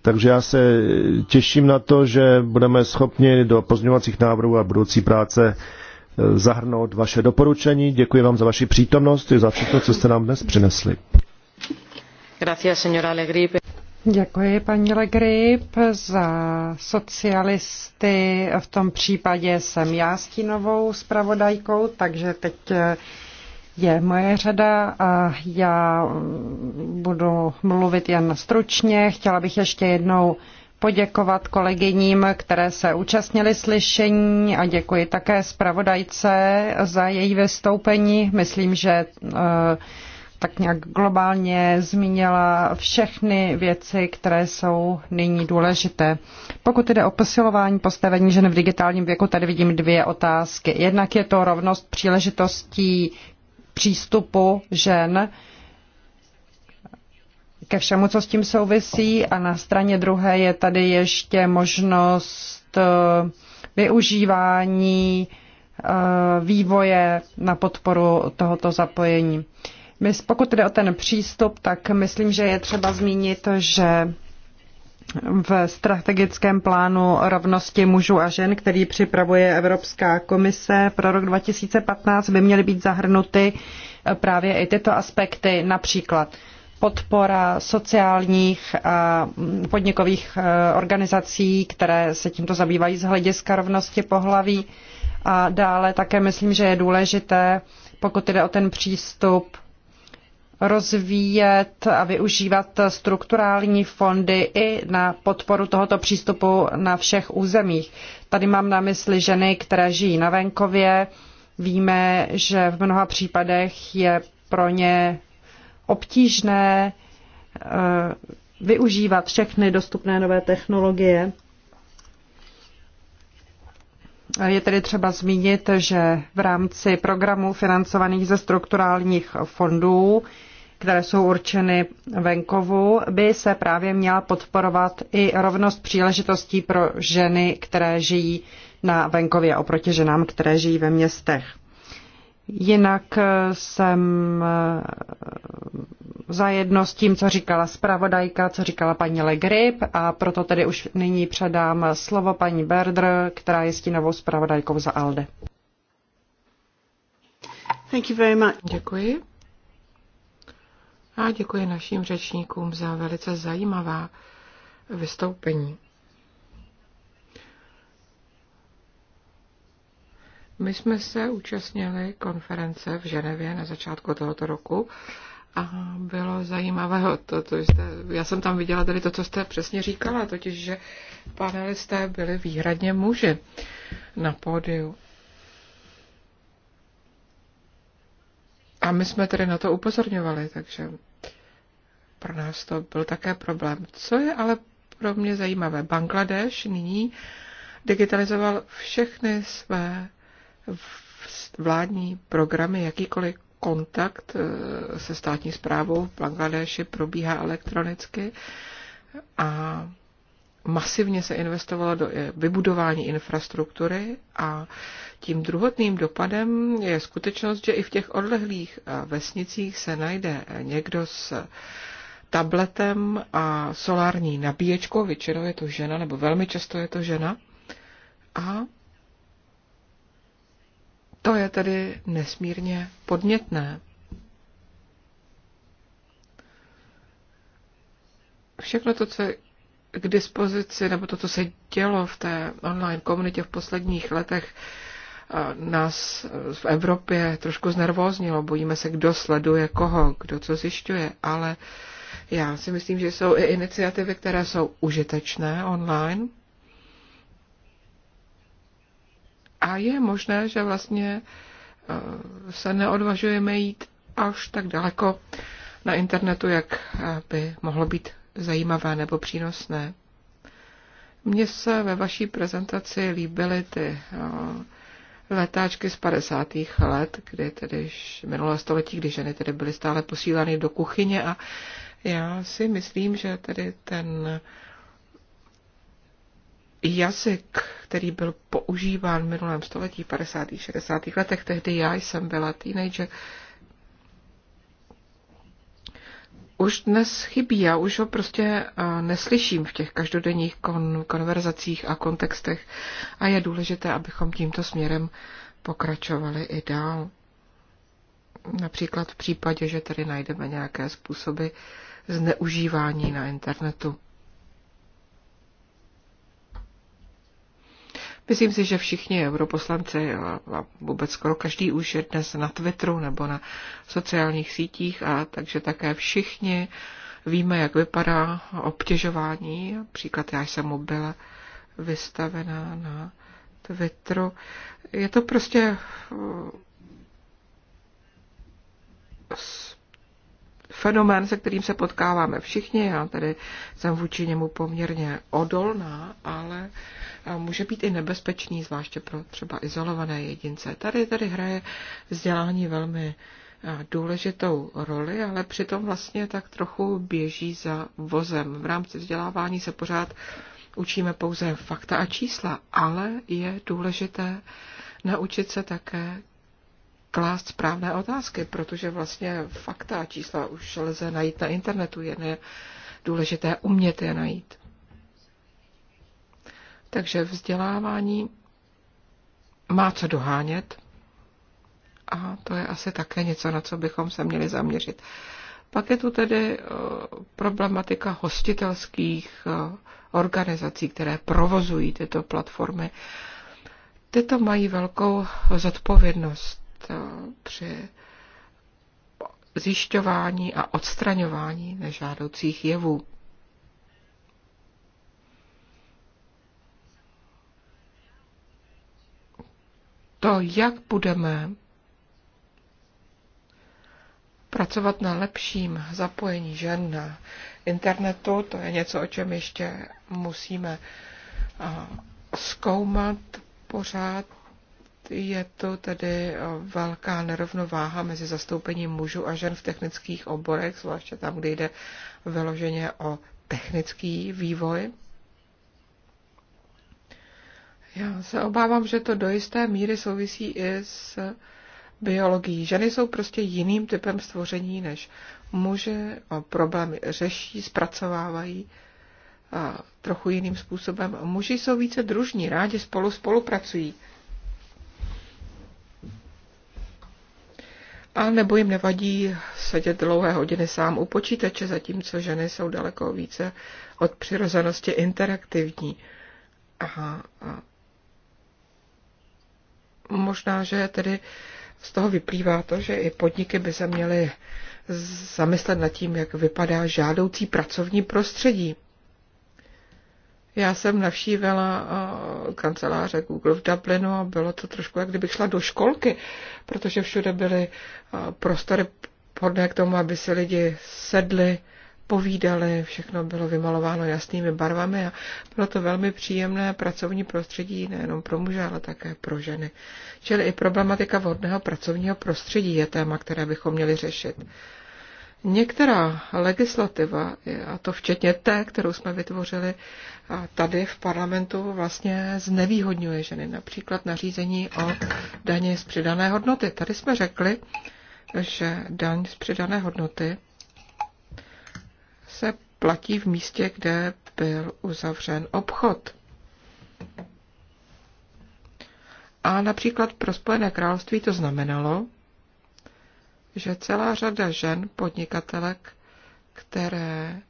Takže já se těším na to, že budeme schopni do pozměňovacích návrhů a budoucí práce eh, zahrnout vaše doporučení. Děkuji vám za vaši přítomnost i za všechno, co jste nám dnes přinesli. Děkuji, paní Legrip. Za socialisty v tom případě jsem já s novou zpravodajkou, takže teď je moje řada a já budu mluvit jen stručně. Chtěla bych ještě jednou poděkovat kolegyním, které se účastnili slyšení a děkuji také zpravodajce za její vystoupení. Myslím, že uh, tak nějak globálně zmínila všechny věci, které jsou nyní důležité. Pokud jde o posilování postavení žen v digitálním věku, tady vidím dvě otázky. Jednak je to rovnost příležitostí přístupu žen ke všemu, co s tím souvisí a na straně druhé je tady ještě možnost eh, využívání eh, vývoje na podporu tohoto zapojení. My, pokud jde o ten přístup, tak myslím, že je třeba zmínit, že v strategickém plánu rovnosti mužů a žen, který připravuje Evropská komise pro rok 2015, by měly být zahrnuty právě i tyto aspekty, například podpora sociálních a podnikových eh, organizací, které se tímto zabývají z hlediska rovnosti pohlaví. A dále také myslím, že je důležité, pokud jde o ten přístup rozvíjet a využívat strukturální fondy i na podporu tohoto přístupu na všech územích. Tady mám na mysli ženy, které žijí na venkově. Víme, že v mnoha případech je pro ně obtížné eh, využívat všechny dostupné nové technologie. Je tedy třeba zmínit, že v rámci programů financovaných ze strukturálních fondů které jsou určeny venkovu, by se právě měla podporovat i rovnost příležitostí pro ženy, které žijí na venkově oproti ženám, které žijí ve městech. Jinak jsem eh, zajedno s tím, co říkala zpravodajka, co říkala paní Legrip a proto tedy už nyní předám slovo paní Berdr, která je stínovou zpravodajkou za ALDE. Thank you very much. Děkuji. A děkuji našim řečníkům za velice zajímavá vystoupení. My jsme se účastnili konference v Ženevě na začátku tohoto roku a bylo zajímavé, to, to jste, já jsem tam viděla tady to, co jste přesně říkala, totiž, že panelisté byli výhradně muži na pódiu. A my jsme tedy na to upozorňovali, takže pro nás to byl také problém. Co je ale pro mě zajímavé, Bangladeš nyní digitalizoval všechny své vládní programy, jakýkoliv kontakt eh, se státní zprávou v Bangladeši probíhá elektronicky a masivně se investovalo do eh, vybudování infrastruktury a tím druhotným dopadem je skutečnost, že i v těch odlehlých eh, vesnicích se najde eh, někdo s tabletem a solární nabíječkou, většinou je to žena, nebo velmi často je to žena. A to je tedy nesmírně podnětné. Všechno to, co k dispozici, nebo to, co se dělo v té online komunitě v posledních letech, nás v Evropě trošku znervóznilo. Bojíme se, kdo sleduje koho, kdo co zjišťuje, ale já si myslím, že jsou i iniciativy, které jsou užitečné online. A je možné, že vlastně e, se neodvažujeme jít až tak daleko na internetu, jak e, by mohlo být zajímavé nebo přínosné. Mně se ve vaší prezentaci líbily ty eh, letáčky z 50. let, kdy tedy minulé století, kdy ženy tedy byly stále posílány do kuchyně a já si myslím, že tedy ten jazyk, který byl používán v minulém století, 50. 60. letech, tehdy já jsem byla teenager, už dnes chybí. Já už ho prostě eh, neslyším v těch každodenních kon- konverzacích a kontextech a je důležité, abychom tímto směrem pokračovali i dál. Například v případě, že tady najdeme nějaké způsoby zneužívání na internetu. Myslím si, že všichni europoslanci a vůbec skoro každý už je dnes na Twitteru nebo na sociálních sítích a takže také všichni víme, jak vypadá obtěžování. Příklad, já jsem mu byla vystavená na Twitteru. Je to prostě fenomén, se kterým se potkáváme všichni. Já tady jsem vůči němu poměrně odolná, ale může být i nebezpečný, zvláště pro třeba izolované jedince. Tady tady hraje vzdělání velmi důležitou roli, ale přitom vlastně tak trochu běží za vozem. V rámci vzdělávání se pořád učíme pouze fakta a čísla, ale je důležité naučit se také klást správné otázky, protože vlastně fakta a čísla už lze najít na internetu, jen je důležité umět je najít. Takže vzdělávání má co dohánět a to je asi také něco, na co bychom se měli zaměřit. Pak je tu tedy eh, problematika hostitelských eh, organizací, které provozují tyto platformy. Tyto mají velkou zodpovědnost Eh, při zjišťování a odstraňování nežádoucích jevů. To, jak budeme pracovat na lepším zapojení žen na internetu, to je něco, o čem ještě musíme eh, zkoumat pořád je to tedy eh, velká nerovnováha mezi zastoupením mužů a žen v technických oborech, zvláště tam, kde jde vyloženě o technický vývoj. Já se obávám, že to do jisté míry souvisí i s biologií. Ženy jsou prostě jiným typem stvoření než muže, problémy řeší, zpracovávají trochu jiným způsobem. Muži jsou více družní, rádi spolu spolupracují. A nebo jim nevadí sedět dlouhé hodiny sám u počítače, zatímco ženy jsou daleko více od přirozenosti interaktivní. Aha, a možná, že tedy z toho vyplývá to, že i podniky by se měly zamyslet nad tím, jak vypadá žádoucí pracovní prostředí. Já jsem navštívila eh, kanceláře Google v Dublinu a bylo to trošku, jak kdybych šla do školky, protože všude byly eh, prostory podné k tomu, aby si lidi sedli, povídali, všechno bylo vymalováno jasnými barvami a bylo to velmi příjemné pracovní prostředí nejenom pro muže, ale také pro ženy. Čili i problematika vhodného pracovního prostředí je téma, které bychom měli řešit. Některá legislativa, a to včetně té, kterou jsme vytvořili tady v parlamentu, vlastně znevýhodňuje ženy. Například nařízení o daně z přidané hodnoty. Tady jsme řekli, že daň z přidané hodnoty se platí v místě, kde byl uzavřen obchod. A například pro Spojené království to znamenalo, že celá řada žen podnikatelek, které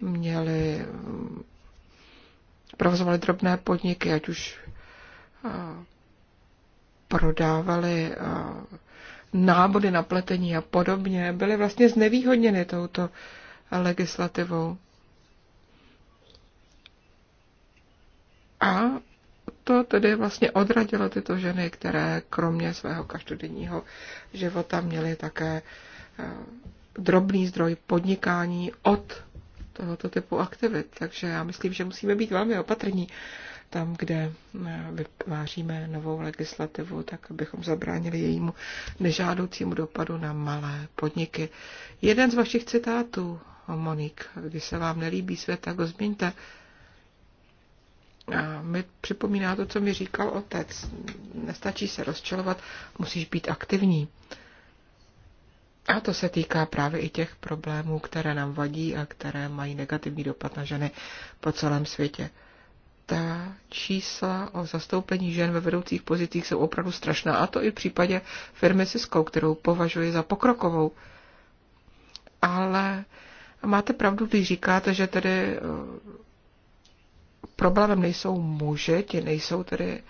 měly, mm, provozovaly drobné podniky, ať už prodávali nábody na pletení a podobně, byly vlastně znevýhodněny touto legislativou. A to tedy vlastně odradilo tyto ženy, které kromě svého každodenního života měly také eh, drobný zdroj podnikání od tohoto typu aktivit. Takže já myslím, že musíme být velmi opatrní tam, kde eh, vytváříme novou legislativu, tak abychom zabránili jejímu nežádoucímu dopadu na malé podniky. Jeden z vašich citátů, Monik, když se vám nelíbí svět, tak ho změňte. A mi připomíná to, co mi říkal otec. Nestačí se rozčelovat, musíš být aktivní. A to se týká právě i těch problémů, které nám vadí a které mají negativní dopad na ženy po celém světě. Ta čísla o zastoupení žen ve vedoucích pozicích jsou opravdu strašná, a to i v případě firmy Cisco, kterou považuji za pokrokovou. Ale máte pravdu, když říkáte, že tedy problémem nejsou muže, ti nejsou tedy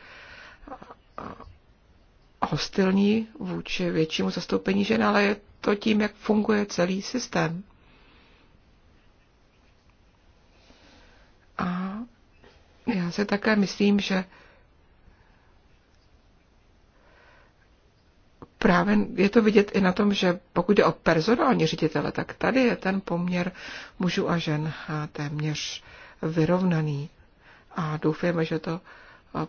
hostilní vůči většímu zastoupení žen, ale je to tím, jak funguje celý systém. A já se také myslím, že právě je to vidět i na tom, že pokud jde o personální ředitele, tak tady je ten poměr mužů a žen téměř vyrovnaný a doufáme, že to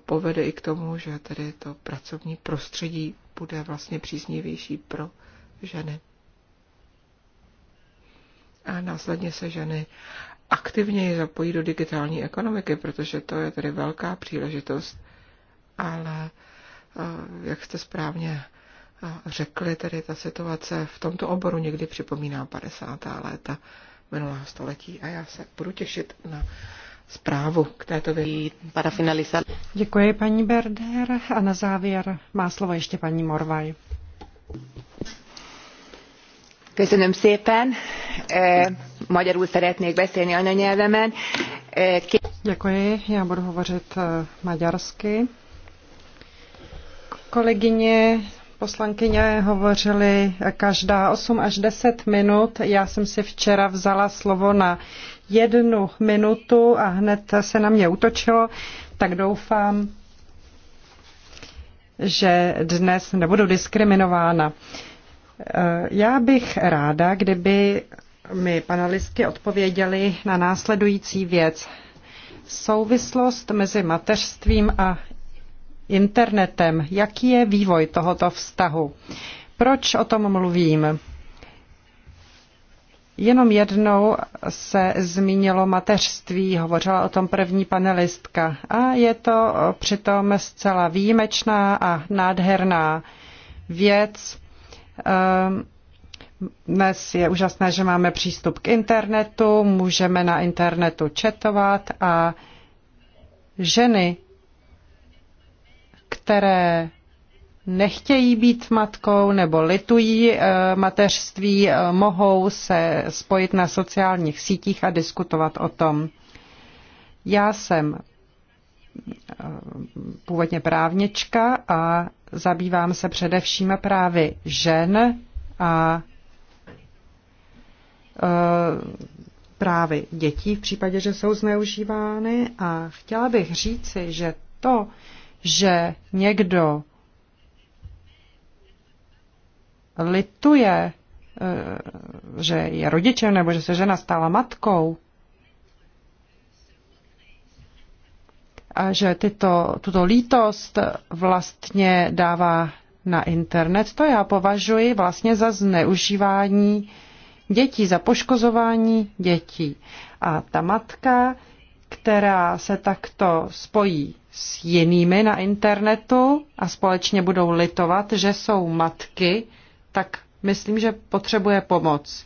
povede i k tomu, že tedy to pracovní prostředí bude vlastně příznivější pro ženy. A následně se ženy aktivněji zapojí do digitální ekonomiky, protože to je tedy velká příležitost, ale jak jste správně řekli, tedy ta situace v tomto oboru někdy připomíná 50. léta minulého století a já se budu těšit na zprávu k této věci. Děkuji, paní Berder. A na závěr má slovo ještě paní Morvaj. Köszönöm szépen. E, magyarul szeretnék beszélni anyanyelvemen. E, Děkuji, já budu hovořit e, maďarsky. Kolegyně poslankyně hovořily každá 8 až 10 minut. Já jsem si včera vzala slovo na jednu minutu a hned se na mě utočilo, tak doufám, že dnes nebudu diskriminována. Eh, já bych ráda, kdyby mi panelistky odpověděli na následující věc. Souvislost mezi mateřstvím a internetem. Jaký je vývoj tohoto vztahu? Proč o tom mluvím? Jenom jednou se zmínilo mateřství, hovořila o tom první panelistka. A je to přitom zcela výjimečná a nádherná věc. Ehm, dnes je úžasné, že máme přístup k internetu, můžeme na internetu četovat a ženy, které nechtějí být matkou nebo litují eh, mateřství, eh, mohou se spojit na sociálních sítích a diskutovat o tom. Já jsem eh, původně právnička a zabývám se především právy žen a právy dětí v případě, že jsou zneužívány. A chtěla bych říci, že to, že někdo lituje, eh, že je rodičem nebo že se žena stala matkou, a že tyto, tuto lítost vlastně dává na internet, to já považuji vlastně za zneužívání dětí, za poškozování dětí. A ta matka, která se takto spojí s jinými na internetu a společně budou litovat, že jsou matky, tak myslím, že potřebuje pomoc.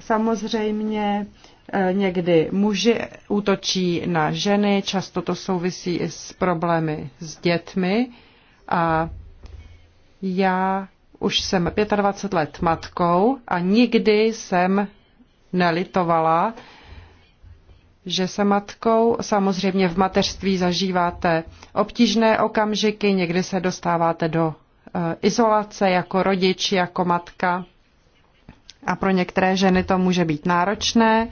Samozřejmě eh, někdy muži útočí na ženy, často to souvisí i s problémy s dětmi a já už jsem 25 let matkou a nikdy jsem nelitovala, že se matkou samozřejmě v mateřství zažíváte obtížné okamžiky, někdy se dostáváte do eh, izolace jako rodič, jako matka a pro některé ženy to může být náročné,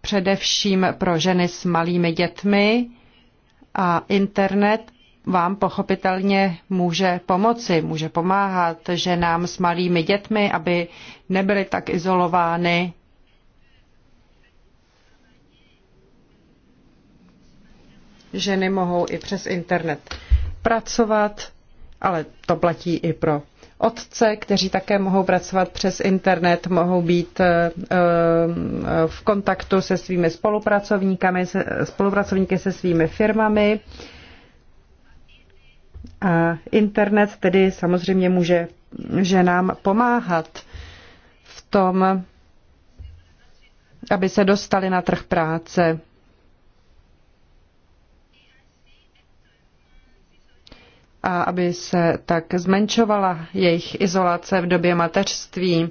především pro ženy s malými dětmi a internet vám pochopitelně může pomoci, může pomáhat ženám s malými dětmi, aby nebyly tak izolovány ženy mohou i přes internet pracovat, ale to platí i pro otce, kteří také mohou pracovat přes internet, mohou být eh, eh, v kontaktu se svými spolupracovníkami, spolupracovníky se svými firmami. A internet tedy samozřejmě může ženám pomáhat v tom, aby se dostali na trh práce. a aby se tak zmenšovala jejich izolace v době mateřství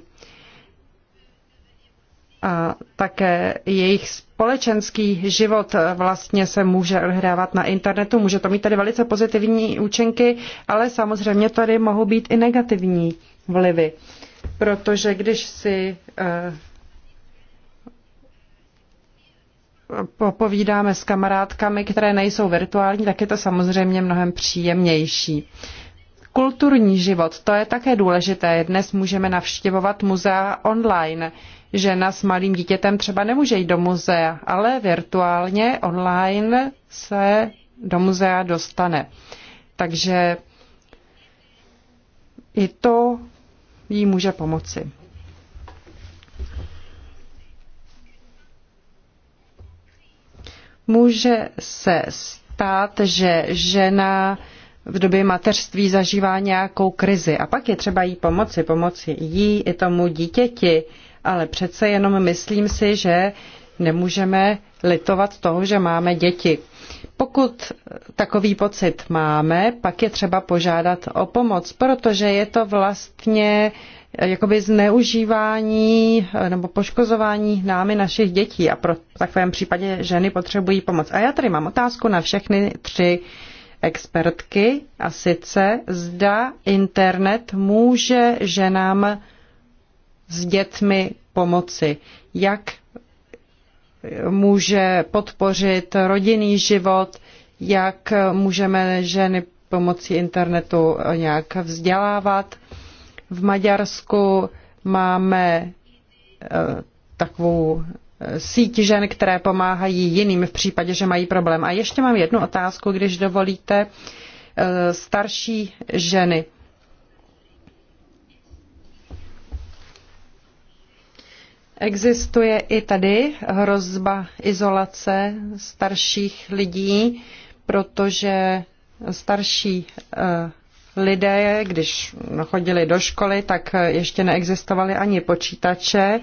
a také jejich společenský život vlastně se může odhrávat na internetu. Může to mít tady velice pozitivní účinky, ale samozřejmě tady mohou být i negativní vlivy. Protože když si eh, popovídáme s kamarádkami, které nejsou virtuální, tak je to samozřejmě mnohem příjemnější. Kulturní život, to je také důležité. Dnes můžeme navštěvovat muzea online. Žena s malým dítětem třeba nemůže jít do muzea, ale virtuálně online se do muzea dostane. Takže i to jí může pomoci. Může se stát, že žena v době mateřství zažívá nějakou krizi a pak je třeba jí pomoci, pomoci jí i tomu dítěti, ale přece jenom myslím si, že nemůžeme litovat toho, že máme děti. Pokud takový pocit máme, pak je třeba požádat o pomoc, protože je to vlastně Eh, jakoby zneužívání eh, nebo poškozování námi našich dětí a pro takovém případě ženy potřebují pomoc. A já tady mám otázku na všechny tři expertky a sice zda internet může ženám s dětmi pomoci. Jak eh, může podpořit rodinný život, jak můžeme ženy pomocí internetu nějak vzdělávat v Maďarsku máme eh, takovou eh, síť žen, které pomáhají jiným v případě, že mají problém. A ještě mám jednu otázku, když dovolíte. Eh, starší ženy. Existuje i tady hrozba izolace starších lidí, protože starší lidé, když chodili do školy, tak ještě neexistovaly ani počítače.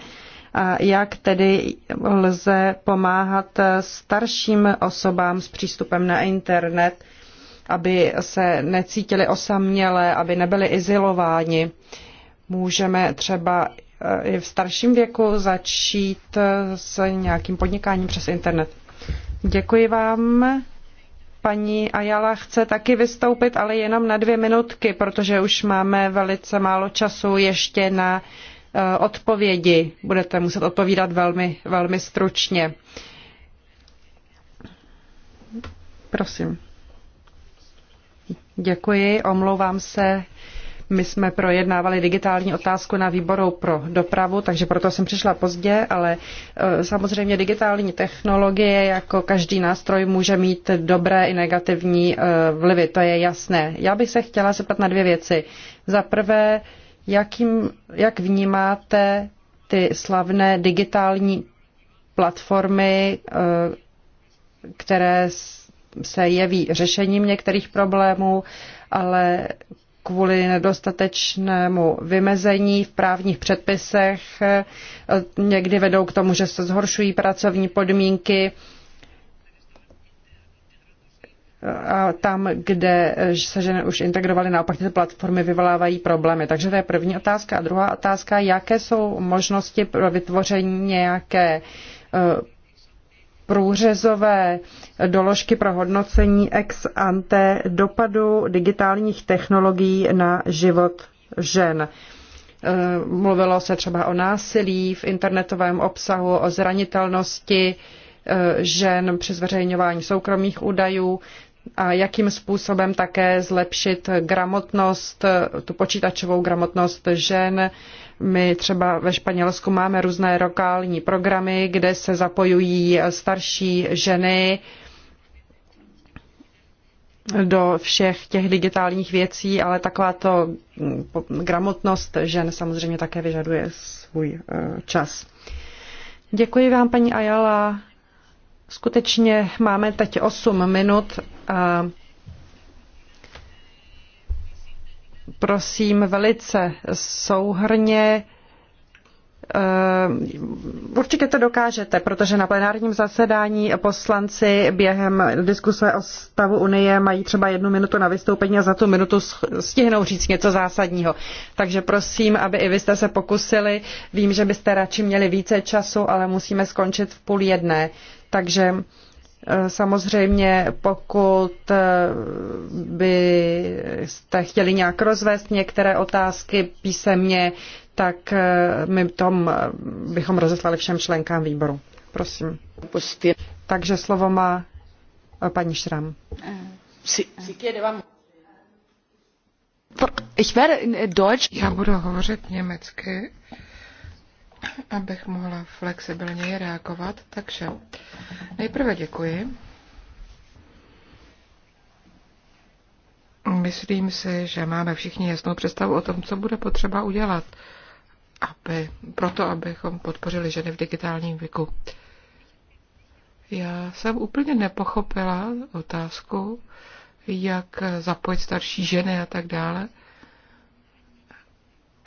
A jak tedy lze pomáhat starším osobám s přístupem na internet, aby se necítili osamělé, aby nebyli izolováni. Můžeme třeba eh, i v starším věku začít eh, s nějakým podnikáním přes internet. Děkuji vám. Paní Ajala chce taky vystoupit, ale jenom na dvě minutky, protože už máme velice málo času ještě na eh, odpovědi. Budete muset odpovídat velmi, velmi stručně. Prosím. Děkuji, omlouvám se my jsme projednávali digitální otázku na výboru pro dopravu, takže proto jsem přišla pozdě, ale e, samozřejmě digitální technologie jako každý nástroj může mít dobré i negativní e, vlivy, to je jasné. Já bych se chtěla zeptat na dvě věci. Za prvé, jakým, jak vnímáte ty slavné digitální platformy, e, které se jeví řešením některých problémů, ale kvůli nedostatečnému vymezení v právních předpisech někdy vedou k tomu, že se zhoršují pracovní podmínky. A tam, kde se ženy už integrovaly, naopak ty platformy vyvolávají problémy. Takže to je první otázka. A druhá otázka, jaké jsou možnosti pro vytvoření nějaké eh, průřezové doložky pro hodnocení ex ante dopadu digitálních technologií na život žen. E, mluvilo se třeba o násilí v internetovém obsahu, o zranitelnosti e, žen při zveřejňování soukromých údajů a jakým způsobem také zlepšit gramotnost, tu počítačovou gramotnost žen, my třeba ve Španělsku máme různé lokální programy, kde se zapojují starší ženy do všech těch digitálních věcí, ale taková to mm, gramotnost žen samozřejmě také vyžaduje svůj eh, čas. Děkuji vám, paní Ayala. Skutečně máme teď 8 minut. A prosím velice souhrně. Eh, určitě to dokážete, protože na plenárním zasedání poslanci během diskuse o stavu Unie mají třeba jednu minutu na vystoupení a za tu minutu stihnou říct něco zásadního. Takže prosím, aby i vy jste se pokusili. Vím, že byste radši měli více času, ale musíme skončit v půl jedné. Takže Samozřejmě, pokud byste chtěli nějak rozvést některé otázky písemně, tak my tom bychom rozeslali všem členkám výboru. Prosím. Takže slovo má paní Šram. Ich werde in Deutsch. Já budu hovořit německy abych mohla flexibilněji reagovat. Takže nejprve děkuji. Myslím si, že máme všichni jasnou představu o tom, co bude potřeba udělat, aby, proto abychom podpořili ženy v digitálním věku. Já jsem úplně nepochopila otázku, jak zapojit starší ženy a tak dále.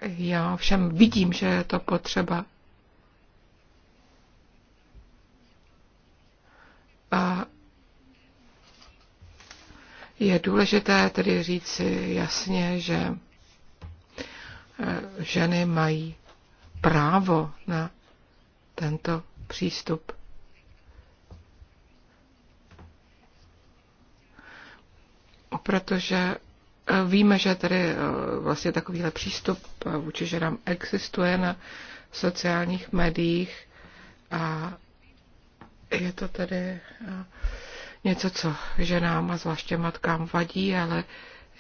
Já ovšem vidím, že je to potřeba. A je důležité tedy říci jasně, že eh, ženy mají právo na tento přístup. Protože Víme, že tady eh, vlastně takovýhle přístup eh, vůči ženám existuje na sociálních médiích a je to tedy eh, něco, co ženám a zvláště matkám vadí, ale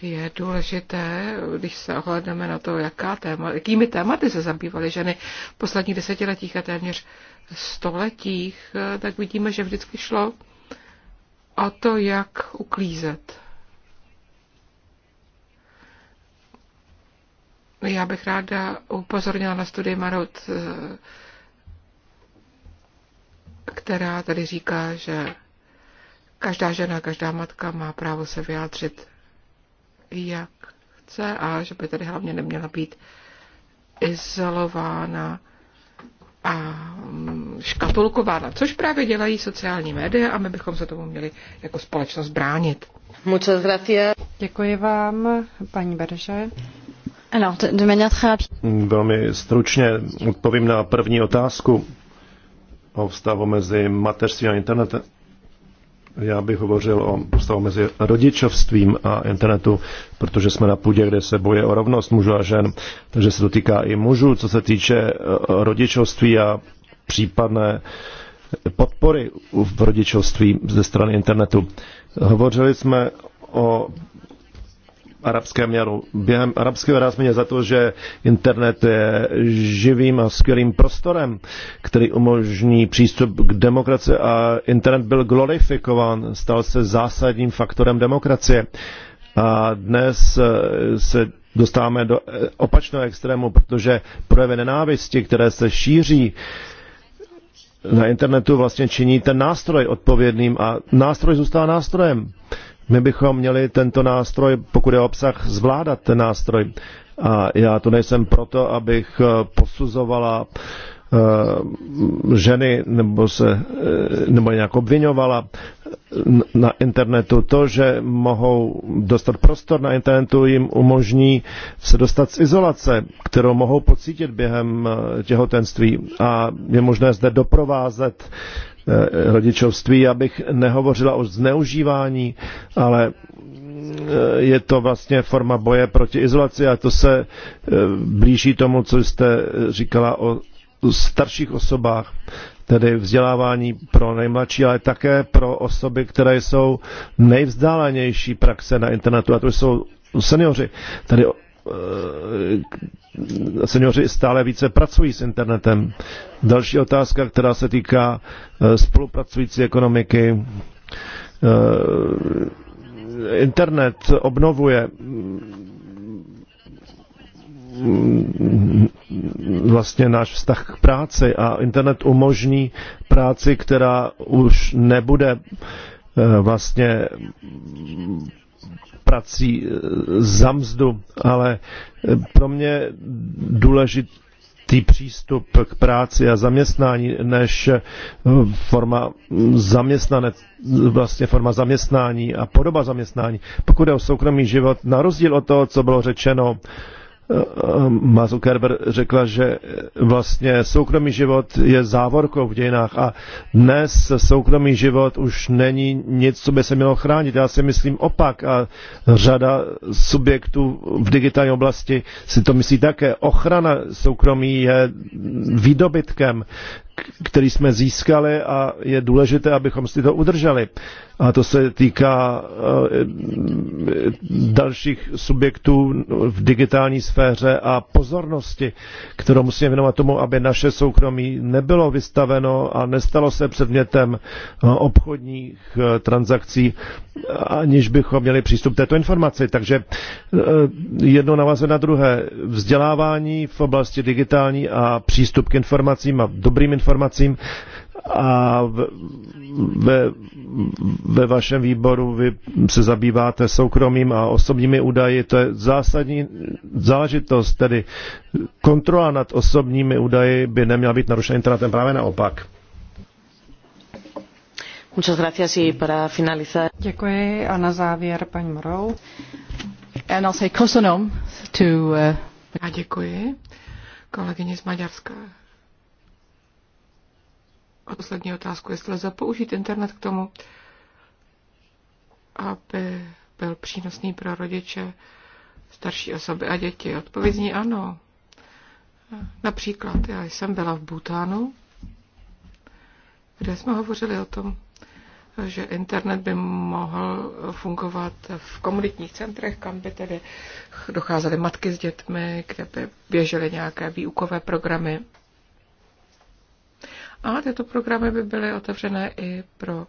je důležité, když se ohledneme na to, jaká téma, jakými tématy se zabývaly ženy v posledních desetiletích a téměř stoletích, tak vidíme, že vždycky šlo o to, jak uklízet Já bych ráda upozornila na studii Marot, eh, která tady říká, že každá žena, každá matka má právo se vyjádřit, jak chce a že by tady hlavně neměla být izolována a mm, škatulkována, což právě dělají sociální média a my bychom se tomu měli jako společnost bránit. Muchas gracias. Děkuji vám, paní Berže. Velmi stručně odpovím na první otázku o vztahu mezi mateřstvím a internetem. Já bych hovořil o vztahu mezi rodičovstvím a internetu, protože jsme na půdě, kde se boje o rovnost mužů a žen, takže se dotýká i mužů, co se týče e, rodičovství a případné podpory v rodičovství ze strany internetu. Hovořili jsme o arabském jaru. Během arabského jara za to, že internet je živým a skvělým prostorem, který umožní přístup k demokracii a internet byl glorifikován, stal se zásadním faktorem demokracie. A dnes eh, se dostáváme do eh, opačného extrému, protože projevy nenávisti, které se šíří, na internetu vlastně činí ten nástroj odpovědným a nástroj zůstává nástrojem. My bychom měli tento nástroj, pokud je obsah, zvládat ten nástroj. A já tu nejsem proto, abych eh, posuzovala eh, ženy nebo, se, eh, nebo nějak obvinovala na internetu. To, že mohou dostat prostor na internetu, jim umožní se dostat z izolace, kterou mohou pocítit během těhotenství. A je možné zde doprovázet Eh, rodičovství, abych nehovořila o zneužívání, ale eh, je to vlastně forma boje proti izolaci a to se eh, blíží tomu, co jste říkala o starších osobách, tedy vzdělávání pro nejmladší, ale také pro osoby, které jsou nejvzdálenější praxe na internetu, a to jsou seniori. Tady seniori stále více pracují s internetem. Další otázka, která se týká eh, spolupracující ekonomiky. Eh, internet obnovuje mm, vlastně náš vztah k práci a internet umožní práci, která už nebude eh, vlastně prací eh, za mzdu, ale eh, pro mě důležitý přístup k práci a zaměstnání než eh, forma zaměstnane, vlastně forma zaměstnání a podoba zaměstnání. Pokud je o soukromý život, na rozdíl od toho, co bylo řečeno, Eh, eh, Mazu Kerber řekla, že vlastně soukromý život je závorkou v dějinách a dnes soukromý život už není nic, co by se mělo chránit. Já si myslím opak a řada subjektů v digitální oblasti si to myslí také. Ochrana soukromí je výdobytkem, který jsme získali a je důležité, abychom si to udrželi. A to se týká eh, dalších subjektů v digitální sféře a pozornosti, kterou musíme věnovat tomu, aby naše soukromí nebylo vystaveno a nestalo se předmětem eh, obchodních eh, transakcí, aniž bychom měli přístup k této informaci. Takže jedno navazuje na druhé. Vzdělávání v oblasti digitální a přístup k informacím a dobrým informacím a ve, ve vašem výboru vy se zabýváte soukromým a osobními údaji. To je zásadní záležitost, tedy kontrola nad osobními údaji by neměla být narušena internetem, právě naopak. Muchas gracias y para finalizar. Děkuji a na závěr paní Morou. And I'll say to, uh... A děkuji kolegyně z Maďarska a poslední otázku, jestli lze použít internet k tomu, aby byl přínosný pro rodiče, starší osoby a děti. Odpověď zní ano. Například já jsem byla v Bhutánu, kde jsme hovořili o tom, že internet by mohl fungovat v komunitních centrech, kam by tedy docházely matky s dětmi, kde by běžely nějaké výukové programy a tyto programy by byly otevřené i pro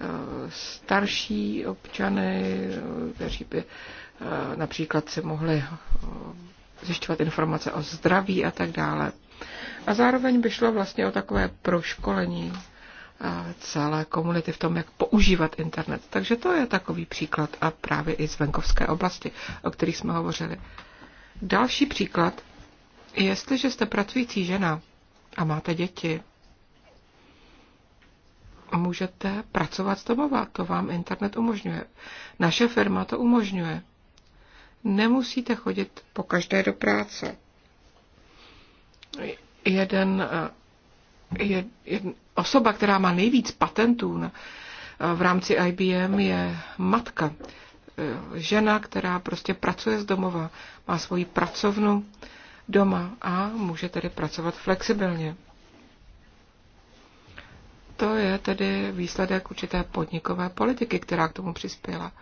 eh, starší občany, kteří by eh, například si mohli eh, zjišťovat informace o zdraví a tak dále. A zároveň by šlo vlastně o takové proškolení celé komunity v tom, jak používat internet. Takže to je takový příklad a právě i z venkovské oblasti, o kterých jsme hovořili. Další příklad, jestliže jste pracující žena a máte děti, můžete pracovat z domova. To vám internet umožňuje. Naše firma to umožňuje. Nemusíte chodit po každé do práce. Jeden, eh, jed, jed, osoba, která má nejvíc patentů na, eh, v rámci IBM, je matka. Eh, žena, která prostě pracuje z domova, má svoji pracovnu doma a může tedy pracovat flexibilně. To je tedy výsledek určité podnikové politiky, která k tomu přispěla.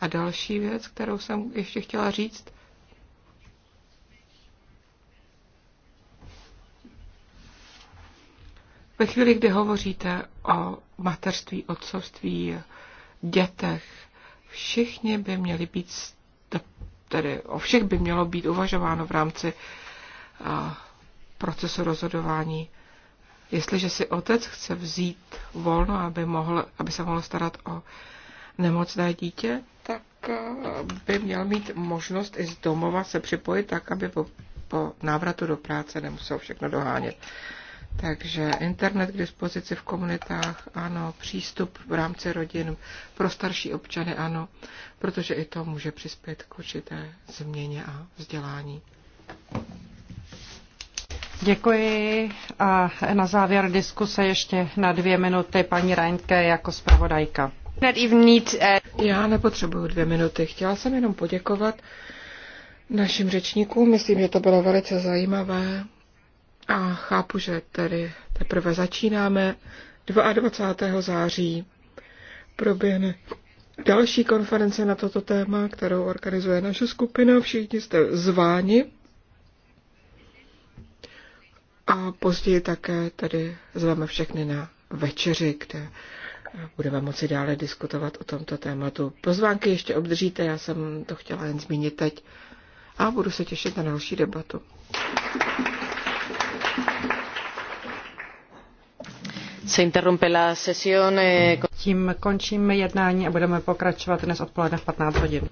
A další věc, kterou jsem ještě chtěla říct, Ve chvíli, kdy hovoříte o mateřství, otcovství, dětech, všichni by měli být, tedy o všech by mělo být uvažováno v rámci procesu rozhodování. Jestliže si otec chce vzít volno, aby, mohl, aby se mohl starat o nemocné dítě, tak eh, by měl mít možnost i z domova se připojit tak, aby po, po návratu do práce nemusel všechno dohánět. Takže internet k dispozici v komunitách, ano, přístup v rámci rodin pro starší občany, ano, protože i to může přispět k určité změně a vzdělání. Děkuji a na závěr diskuse ještě na dvě minuty paní Reintke jako zpravodajka. Uh, Já nepotřebuju dvě minuty, chtěla jsem jenom poděkovat našim řečníkům, myslím, že to bylo velice zajímavé a chápu, že tedy teprve začínáme. 22. září proběhne další konference na toto téma, kterou organizuje naše skupina. Všichni jste zváni. A později také tady zveme všechny na večeři, kde eh, budeme moci dále diskutovat o tomto tématu. Pozvánky ještě obdržíte, já jsem to chtěla jen zmínit teď a budu se těšit na další debatu. Se interrumpe la sesión. Eh, Tím končíme jednání a budeme pokračovat dnes odpoledne v 15 hodin.